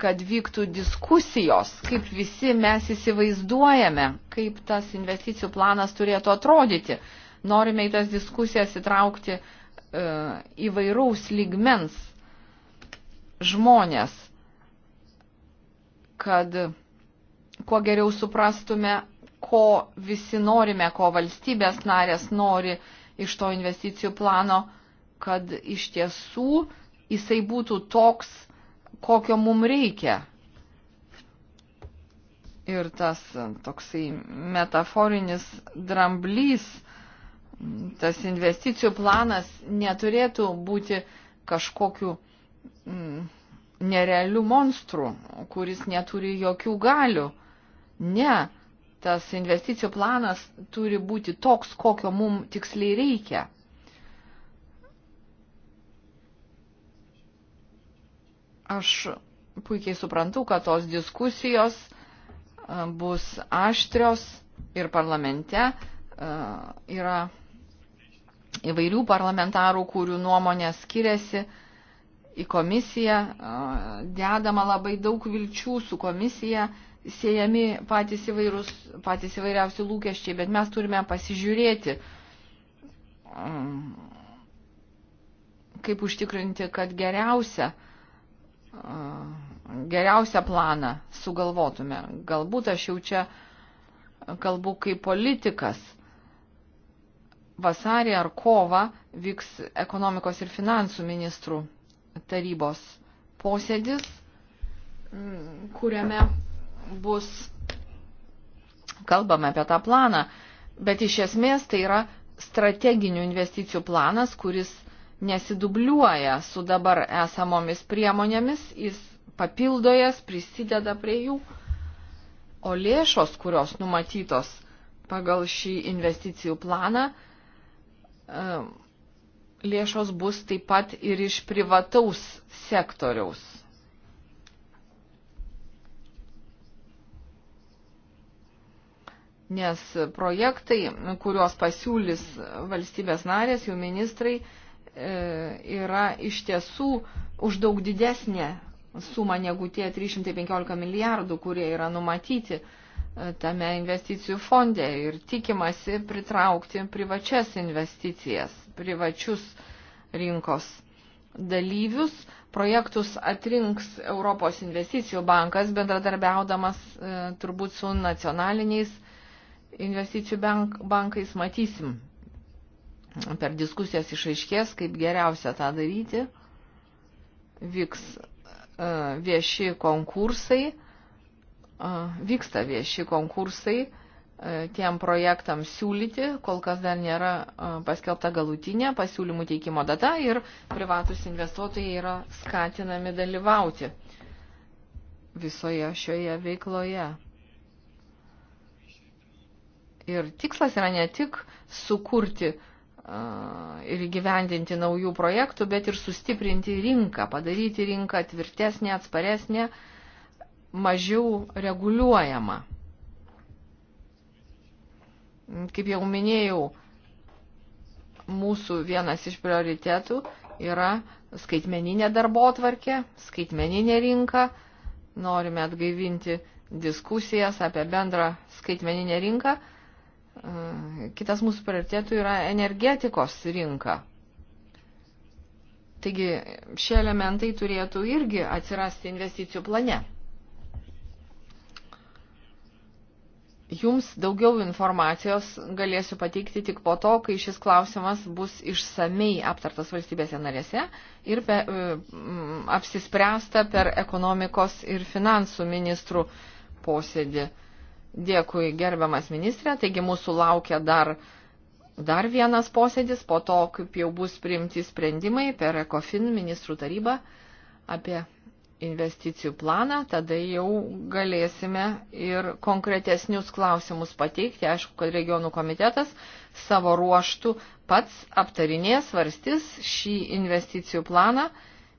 kad vyktų diskusijos, kaip visi mes įsivaizduojame, kaip tas investicijų planas turėtų atrodyti. Norime į tas diskusijas įtraukti e, įvairaus ligmens žmonės, kad kuo geriau suprastume, ko visi norime, ko valstybės narės nori iš to investicijų plano, kad iš tiesų jisai būtų toks, kokio mums reikia. Ir tas toksai metaforinis dramblys, tas investicijų planas neturėtų būti kažkokiu mm, nerealiu monstru, kuris neturi jokių galių. Ne, tas investicijų planas turi būti toks, kokio mums tiksliai reikia. Aš puikiai suprantu, kad tos diskusijos e, bus aštrios ir parlamente e, yra įvairių parlamentarų, kurių nuomonė skiriasi. Į komisiją e, dedama labai daug vilčių su komisija, siejami patys, įvairūs, patys įvairiausi lūkesčiai, bet mes turime pasižiūrėti, kaip užtikrinti, kad geriausia uh, geriausią planą sugalvotume. Galbūt aš jau čia kalbu kaip politikas. Vasarį ar kovą vyks ekonomikos ir finansų ministrų tarybos posėdis, kuriame bus kalbama apie tą planą, bet iš esmės tai yra strateginių investicijų planas, kuris nesidubliuoja su dabar esamomis priemonėmis, jis papildo jas, prisideda prie jų, o lėšos, kurios numatytos pagal šį investicijų planą, e, lėšos bus taip pat ir iš privataus sektoriaus. Nes projektai, kuriuos pasiūlys valstybės narės, jų ministrai, E, yra iš tiesų už daug didesnė suma negu tie 315 milijardų, kurie yra numatyti e, tame investicijų fonde ir tikimasi pritraukti privačias investicijas, privačius rinkos dalyvius. Projektus atrinks Europos investicijų bankas, bendradarbiaudamas e, turbūt su nacionaliniais investicijų bankais, matysim, per diskusijas išaiškės, kaip geriausia tą daryti. Vyks e, vieši konkursai, e, vyksta vieši konkursai e, tiem projektams siūlyti, kol kas dar nėra paskelbta galutinė pasiūlymų teikimo data ir privatus investuotojai yra skatinami dalyvauti visoje šioje veikloje. Ir tikslas yra ne tik sukurti uh, ir gyvendinti naujų projektų, bet ir sustiprinti rinką, padaryti rinką tvirtesnė, atsparesnė, mažiau reguliuojama. Kaip jau minėjau, mūsų vienas iš prioritetų yra skaitmeninė darbo tvarkė, skaitmeninė rinka. Norime atgaivinti diskusijas apie bendrą skaitmeninę rinką Kitas mūsų prioritėtų yra energetikos rinka. Taigi šie elementai turėtų irgi atsirasti investicijų plane. Jums daugiau informacijos galėsiu pateikti tik po to, kai šis klausimas bus išsamei aptartas valstybėse narėse ir pe, e, apsispręsta per ekonomikos ir finansų ministrų posėdį. Dėkui, gerbiamas ministrė. Taigi mūsų laukia dar, dar vienas posėdis, po to, kaip jau bus priimti sprendimai per ECOFIN ministrų tarybą apie investicijų planą, tada jau galėsime ir konkretesnius klausimus pateikti. Aišku, kad regionų komitetas savo ruoštų pats aptarinės, svarstys šį investicijų planą.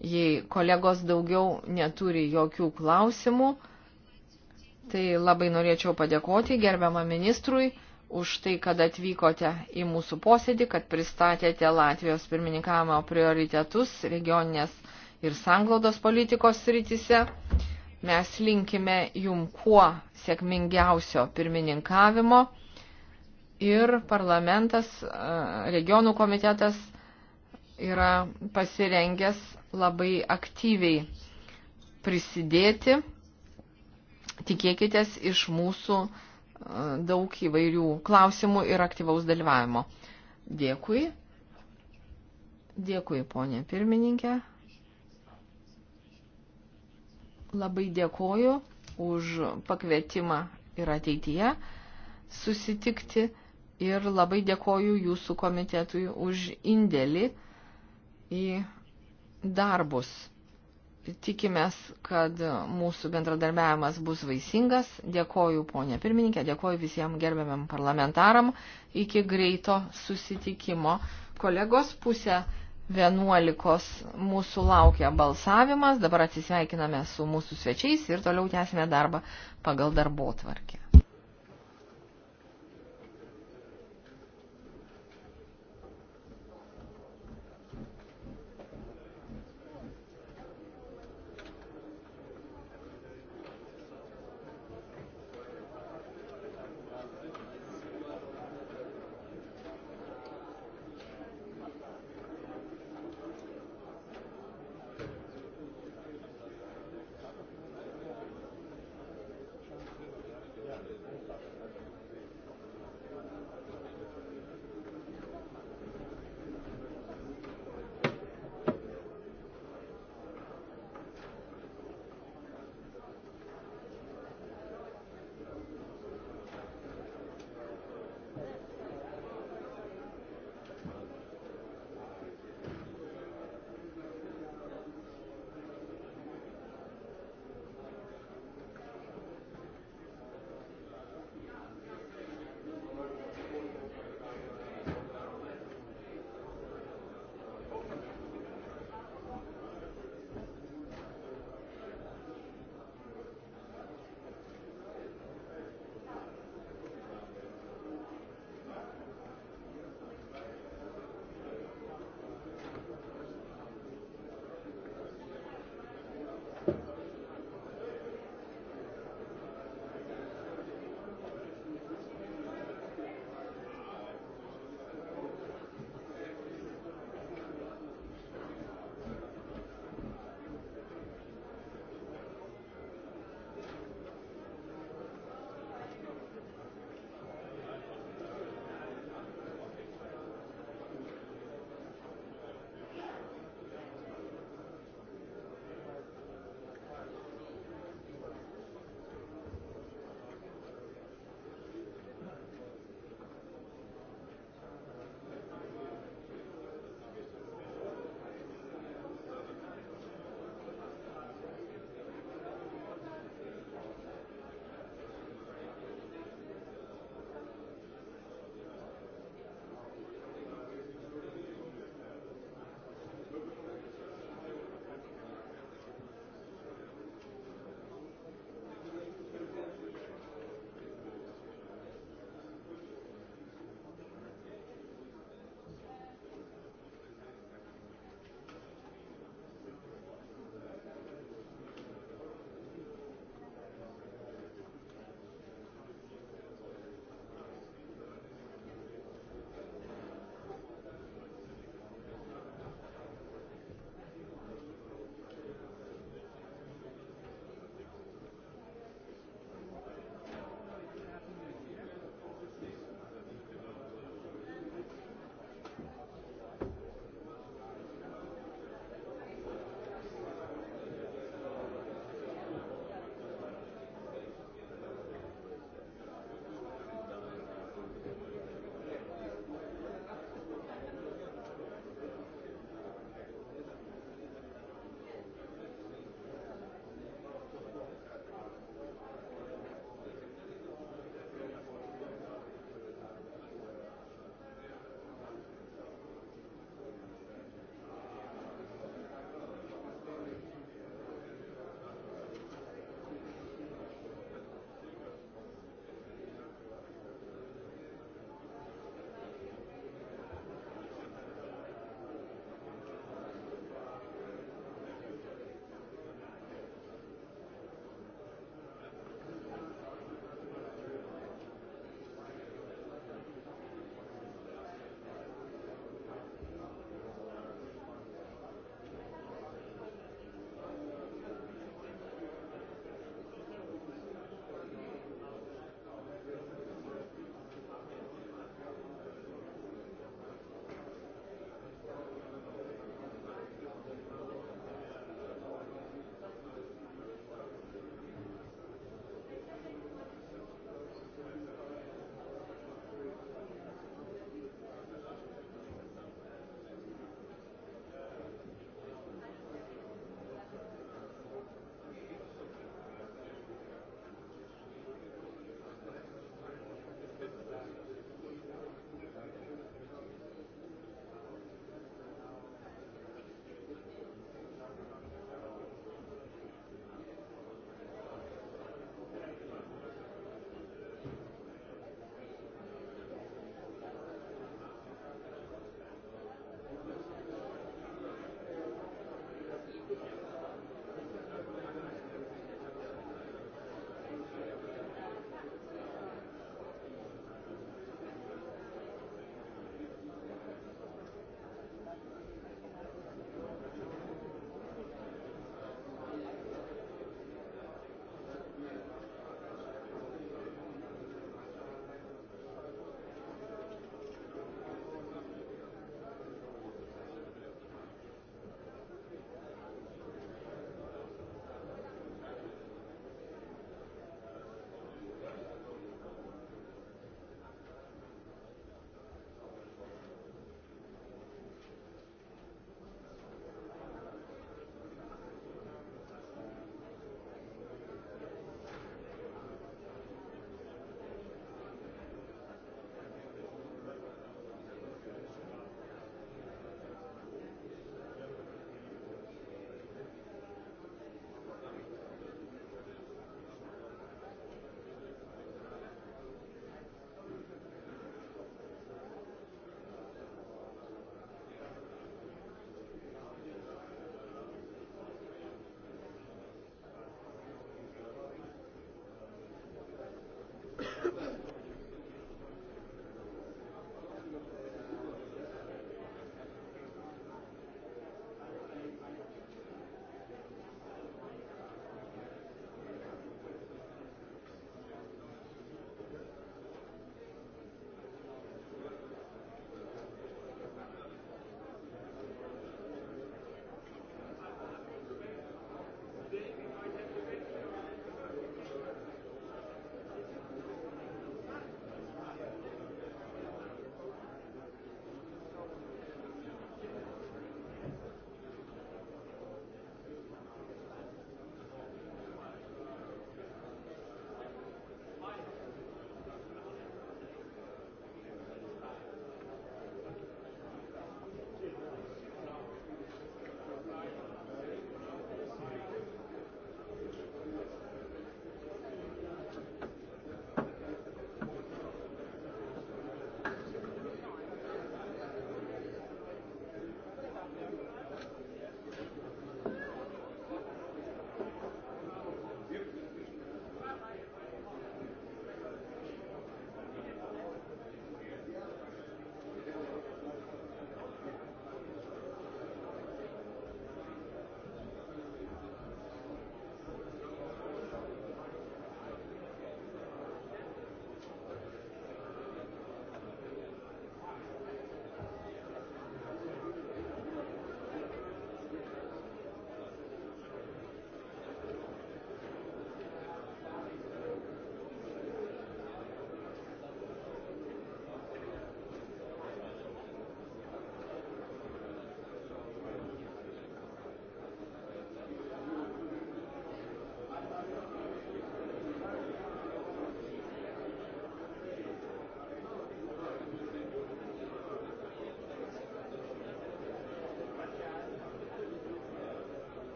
Jei kolegos daugiau neturi jokių klausimų, Tai labai norėčiau padėkoti gerbiamą ministrui už tai, kad atvykote į mūsų posėdį, kad pristatėte Latvijos pirmininkavimo prioritetus regioninės ir sanglodos politikos rytise. Mes linkime jum kuo sėkmingiausio pirmininkavimo ir parlamentas, regionų komitetas yra pasirengęs labai aktyviai prisidėti tikėkitės iš mūsų e, daug įvairių klausimų ir aktyvaus dalyvavimo. Dėkui. Dėkui, ponė pirmininkė. Labai dėkoju už pakvietimą ir ateityje susitikti ir labai dėkoju jūsų komitetui už indėlį į darbus. Tikimės, kad mūsų bendradarbiavimas bus vaisingas. Dėkoju ponė pirmininkė, dėkoju visiems gerbiamiam parlamentaram. Iki greito susitikimo. Kolegos pusė 11 mūsų laukia balsavimas. Dabar atsisveikiname su mūsų svečiais ir toliau tęsime darbą pagal darbo tvarkę.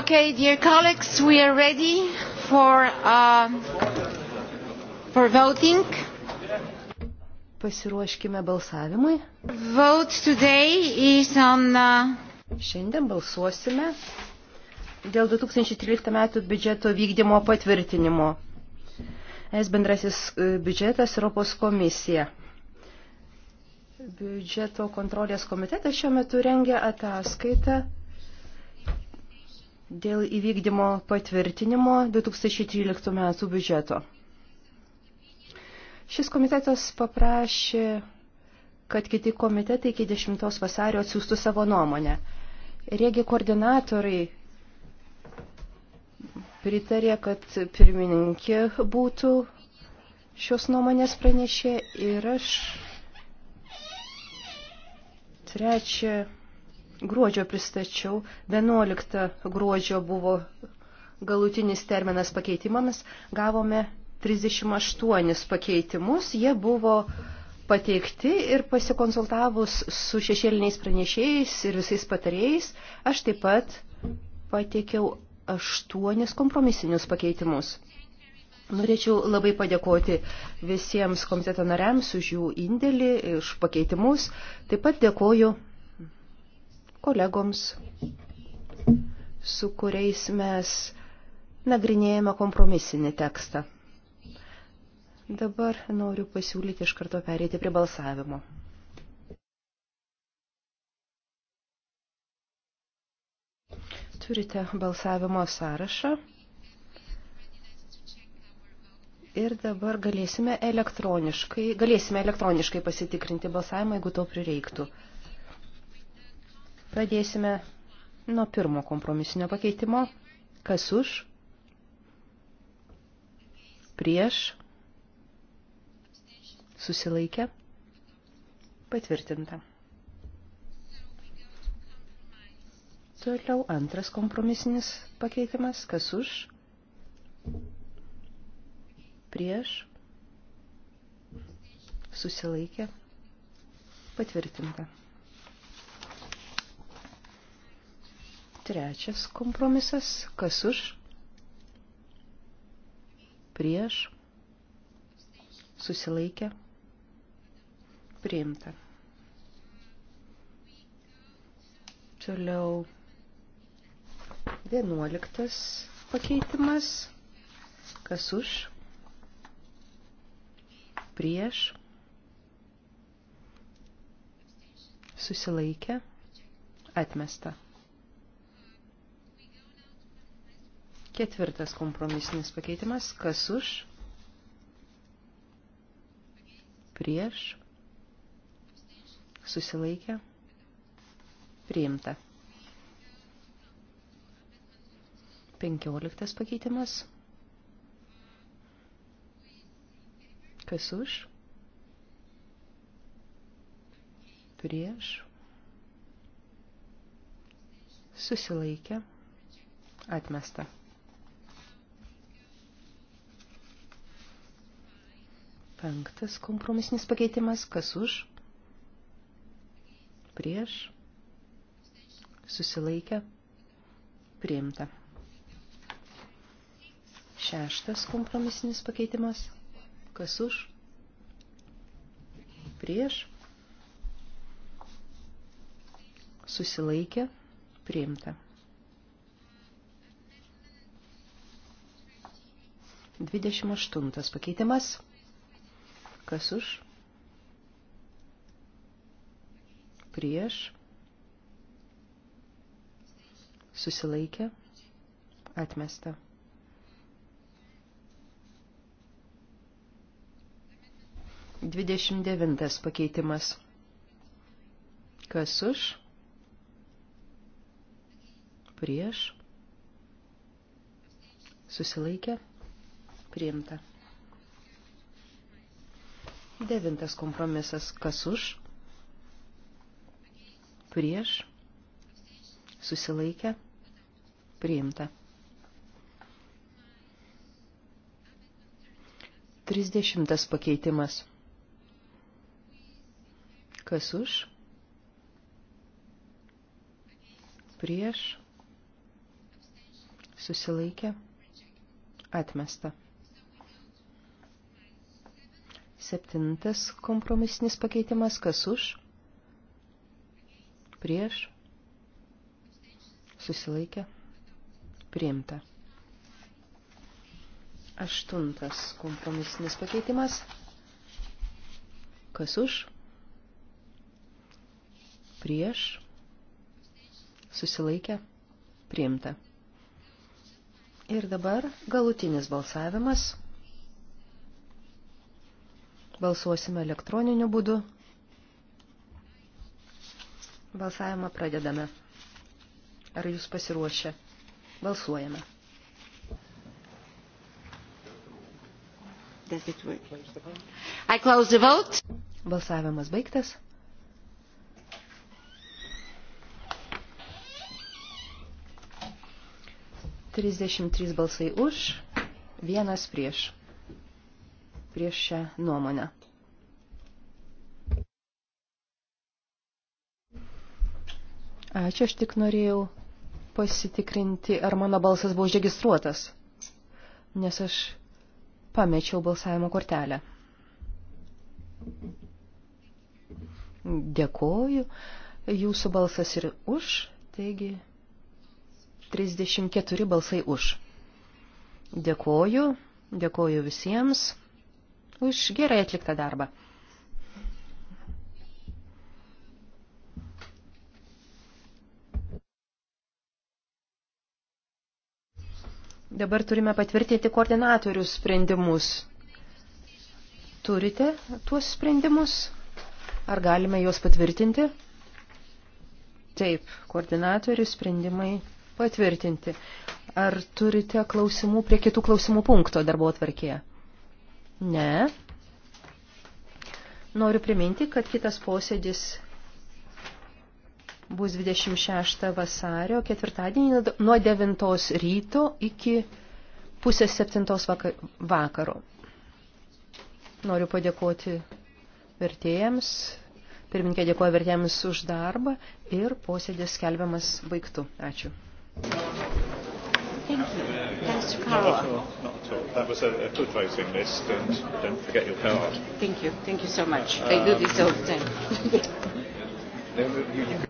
Okay, dear colleagues, we are ready for, um, for voting. Pasiruoškime balsavimui. Vote today is on, uh, Šiandien balsuosime dėl 2013 metų biudžeto vykdymo patvirtinimo. Es bendrasis e, biudžetas Europos komisija. Biudžeto kontrolės komitetas šiuo metu rengia ataskaitą dėl įvykdymo patvirtinimo 2013 metų biudžeto. Šis komitetas paprašė, kad kiti komitetai iki 10 vasario atsiųstų savo nuomonę. Regi koordinatoriai pritarė, kad pirmininkė būtų šios nuomonės pranešė ir aš trečią gruodžio pristačiau, 11 gruodžio buvo galutinis terminas pakeitimams, gavome 38 pakeitimus, jie buvo pateikti ir pasikonsultavus su šešėliniais pranešėjais ir visais patarėjais, aš taip pat pateikiau aštuonis kompromisinius pakeitimus. Norėčiau labai padėkoti visiems komiteto nariams už jų indėlį, už pakeitimus. Taip pat dėkoju kolegoms, su kuriais mes nagrinėjame kompromisinį tekstą. Dabar noriu pasiūlyti iš karto perėti prie balsavimo. Turite balsavimo sąrašą. Ir dabar galėsime elektroniškai, galėsime elektroniškai pasitikrinti balsavimą, jeigu to prireiktų. Pradėsime nuo pirmo kompromisinio pakeitimo. Kas už? Prieš? Susilaikę? Patvirtinta. Toliau antras kompromisinis pakeitimas. Kas už? Prieš? Susilaikė? Patvirtinta. Trečias kompromisas. Kas už? Prieš. Susilaikė. Priimta. Toliau. Vienuoliktas pakeitimas. Kas už? Prieš. Susilaikė. Atmesta. Ketvirtas kompromisinis pakeitimas. Kas už? Prieš? Susilaikę? Priimta. Penkioliktas pakeitimas. Kas už? Prieš? Susilaikę? Atmesta. Penktas kompromisinis pakeitimas. Kas už? Prieš. Susilaikę. Priimta. Šeštas kompromisinis pakeitimas. Kas už? Prieš. Susilaikę. Priimta. 28 pakeitimas. Kas už? Prieš. Susilaikė. Atmesta. Dvidešimt devintas pakeitimas. Kas už? Prieš. Susilaikė. Priimta. Devintas kompromisas. Kas už? Prieš? Susilaikę? Priimta. 30 pakeitimas. Kas už? Prieš? Susilaikę? Atmesta. Septintas kompromisinis pakeitimas, kas už, prieš, susilaikė, priimta. Aštuntas kompromisinis pakeitimas, kas už, prieš, susilaikė, priimta. Ir dabar galutinis balsavimas. Balsuosime elektroniniu būdu. Balsavimą pradedame. Ar jūs pasiruošę? Balsuojame. I close the vote. Balsavimas baigtas. Trisdešimt trys balsai už, vienas prieš prieš šią nuomonę. Ačiū, aš tik norėjau pasitikrinti, ar mano balsas buvo užregistruotas, nes aš pamečiau balsavimo kortelę. Dėkoju, jūsų balsas ir už, taigi 34 balsai už. Dėkoju, dėkoju visiems už gerai atliktą darbą. Dabar turime patvirtinti koordinatorių sprendimus. Turite tuos sprendimus? Ar galime juos patvirtinti? Taip, koordinatorių sprendimai patvirtinti. Ar turite klausimų prie kitų klausimų punkto darbo atvarkėje? Ne. Noriu priminti, kad kitas posėdis bus 26 vasario, ketvirtadienį nuo 9 ryto iki pusės 7 vakaro. Noriu padėkoti vertėjams. Pirminkė dėkoja vertėjams už darbą ir posėdės skelbiamas baigtų. Ačiū. Thank you. Councillor Carroll. No, not at all. That was a, a good voting list, and don't forget your card. Thank you. Thank you so much. Um, uh, I do this all the time. Um,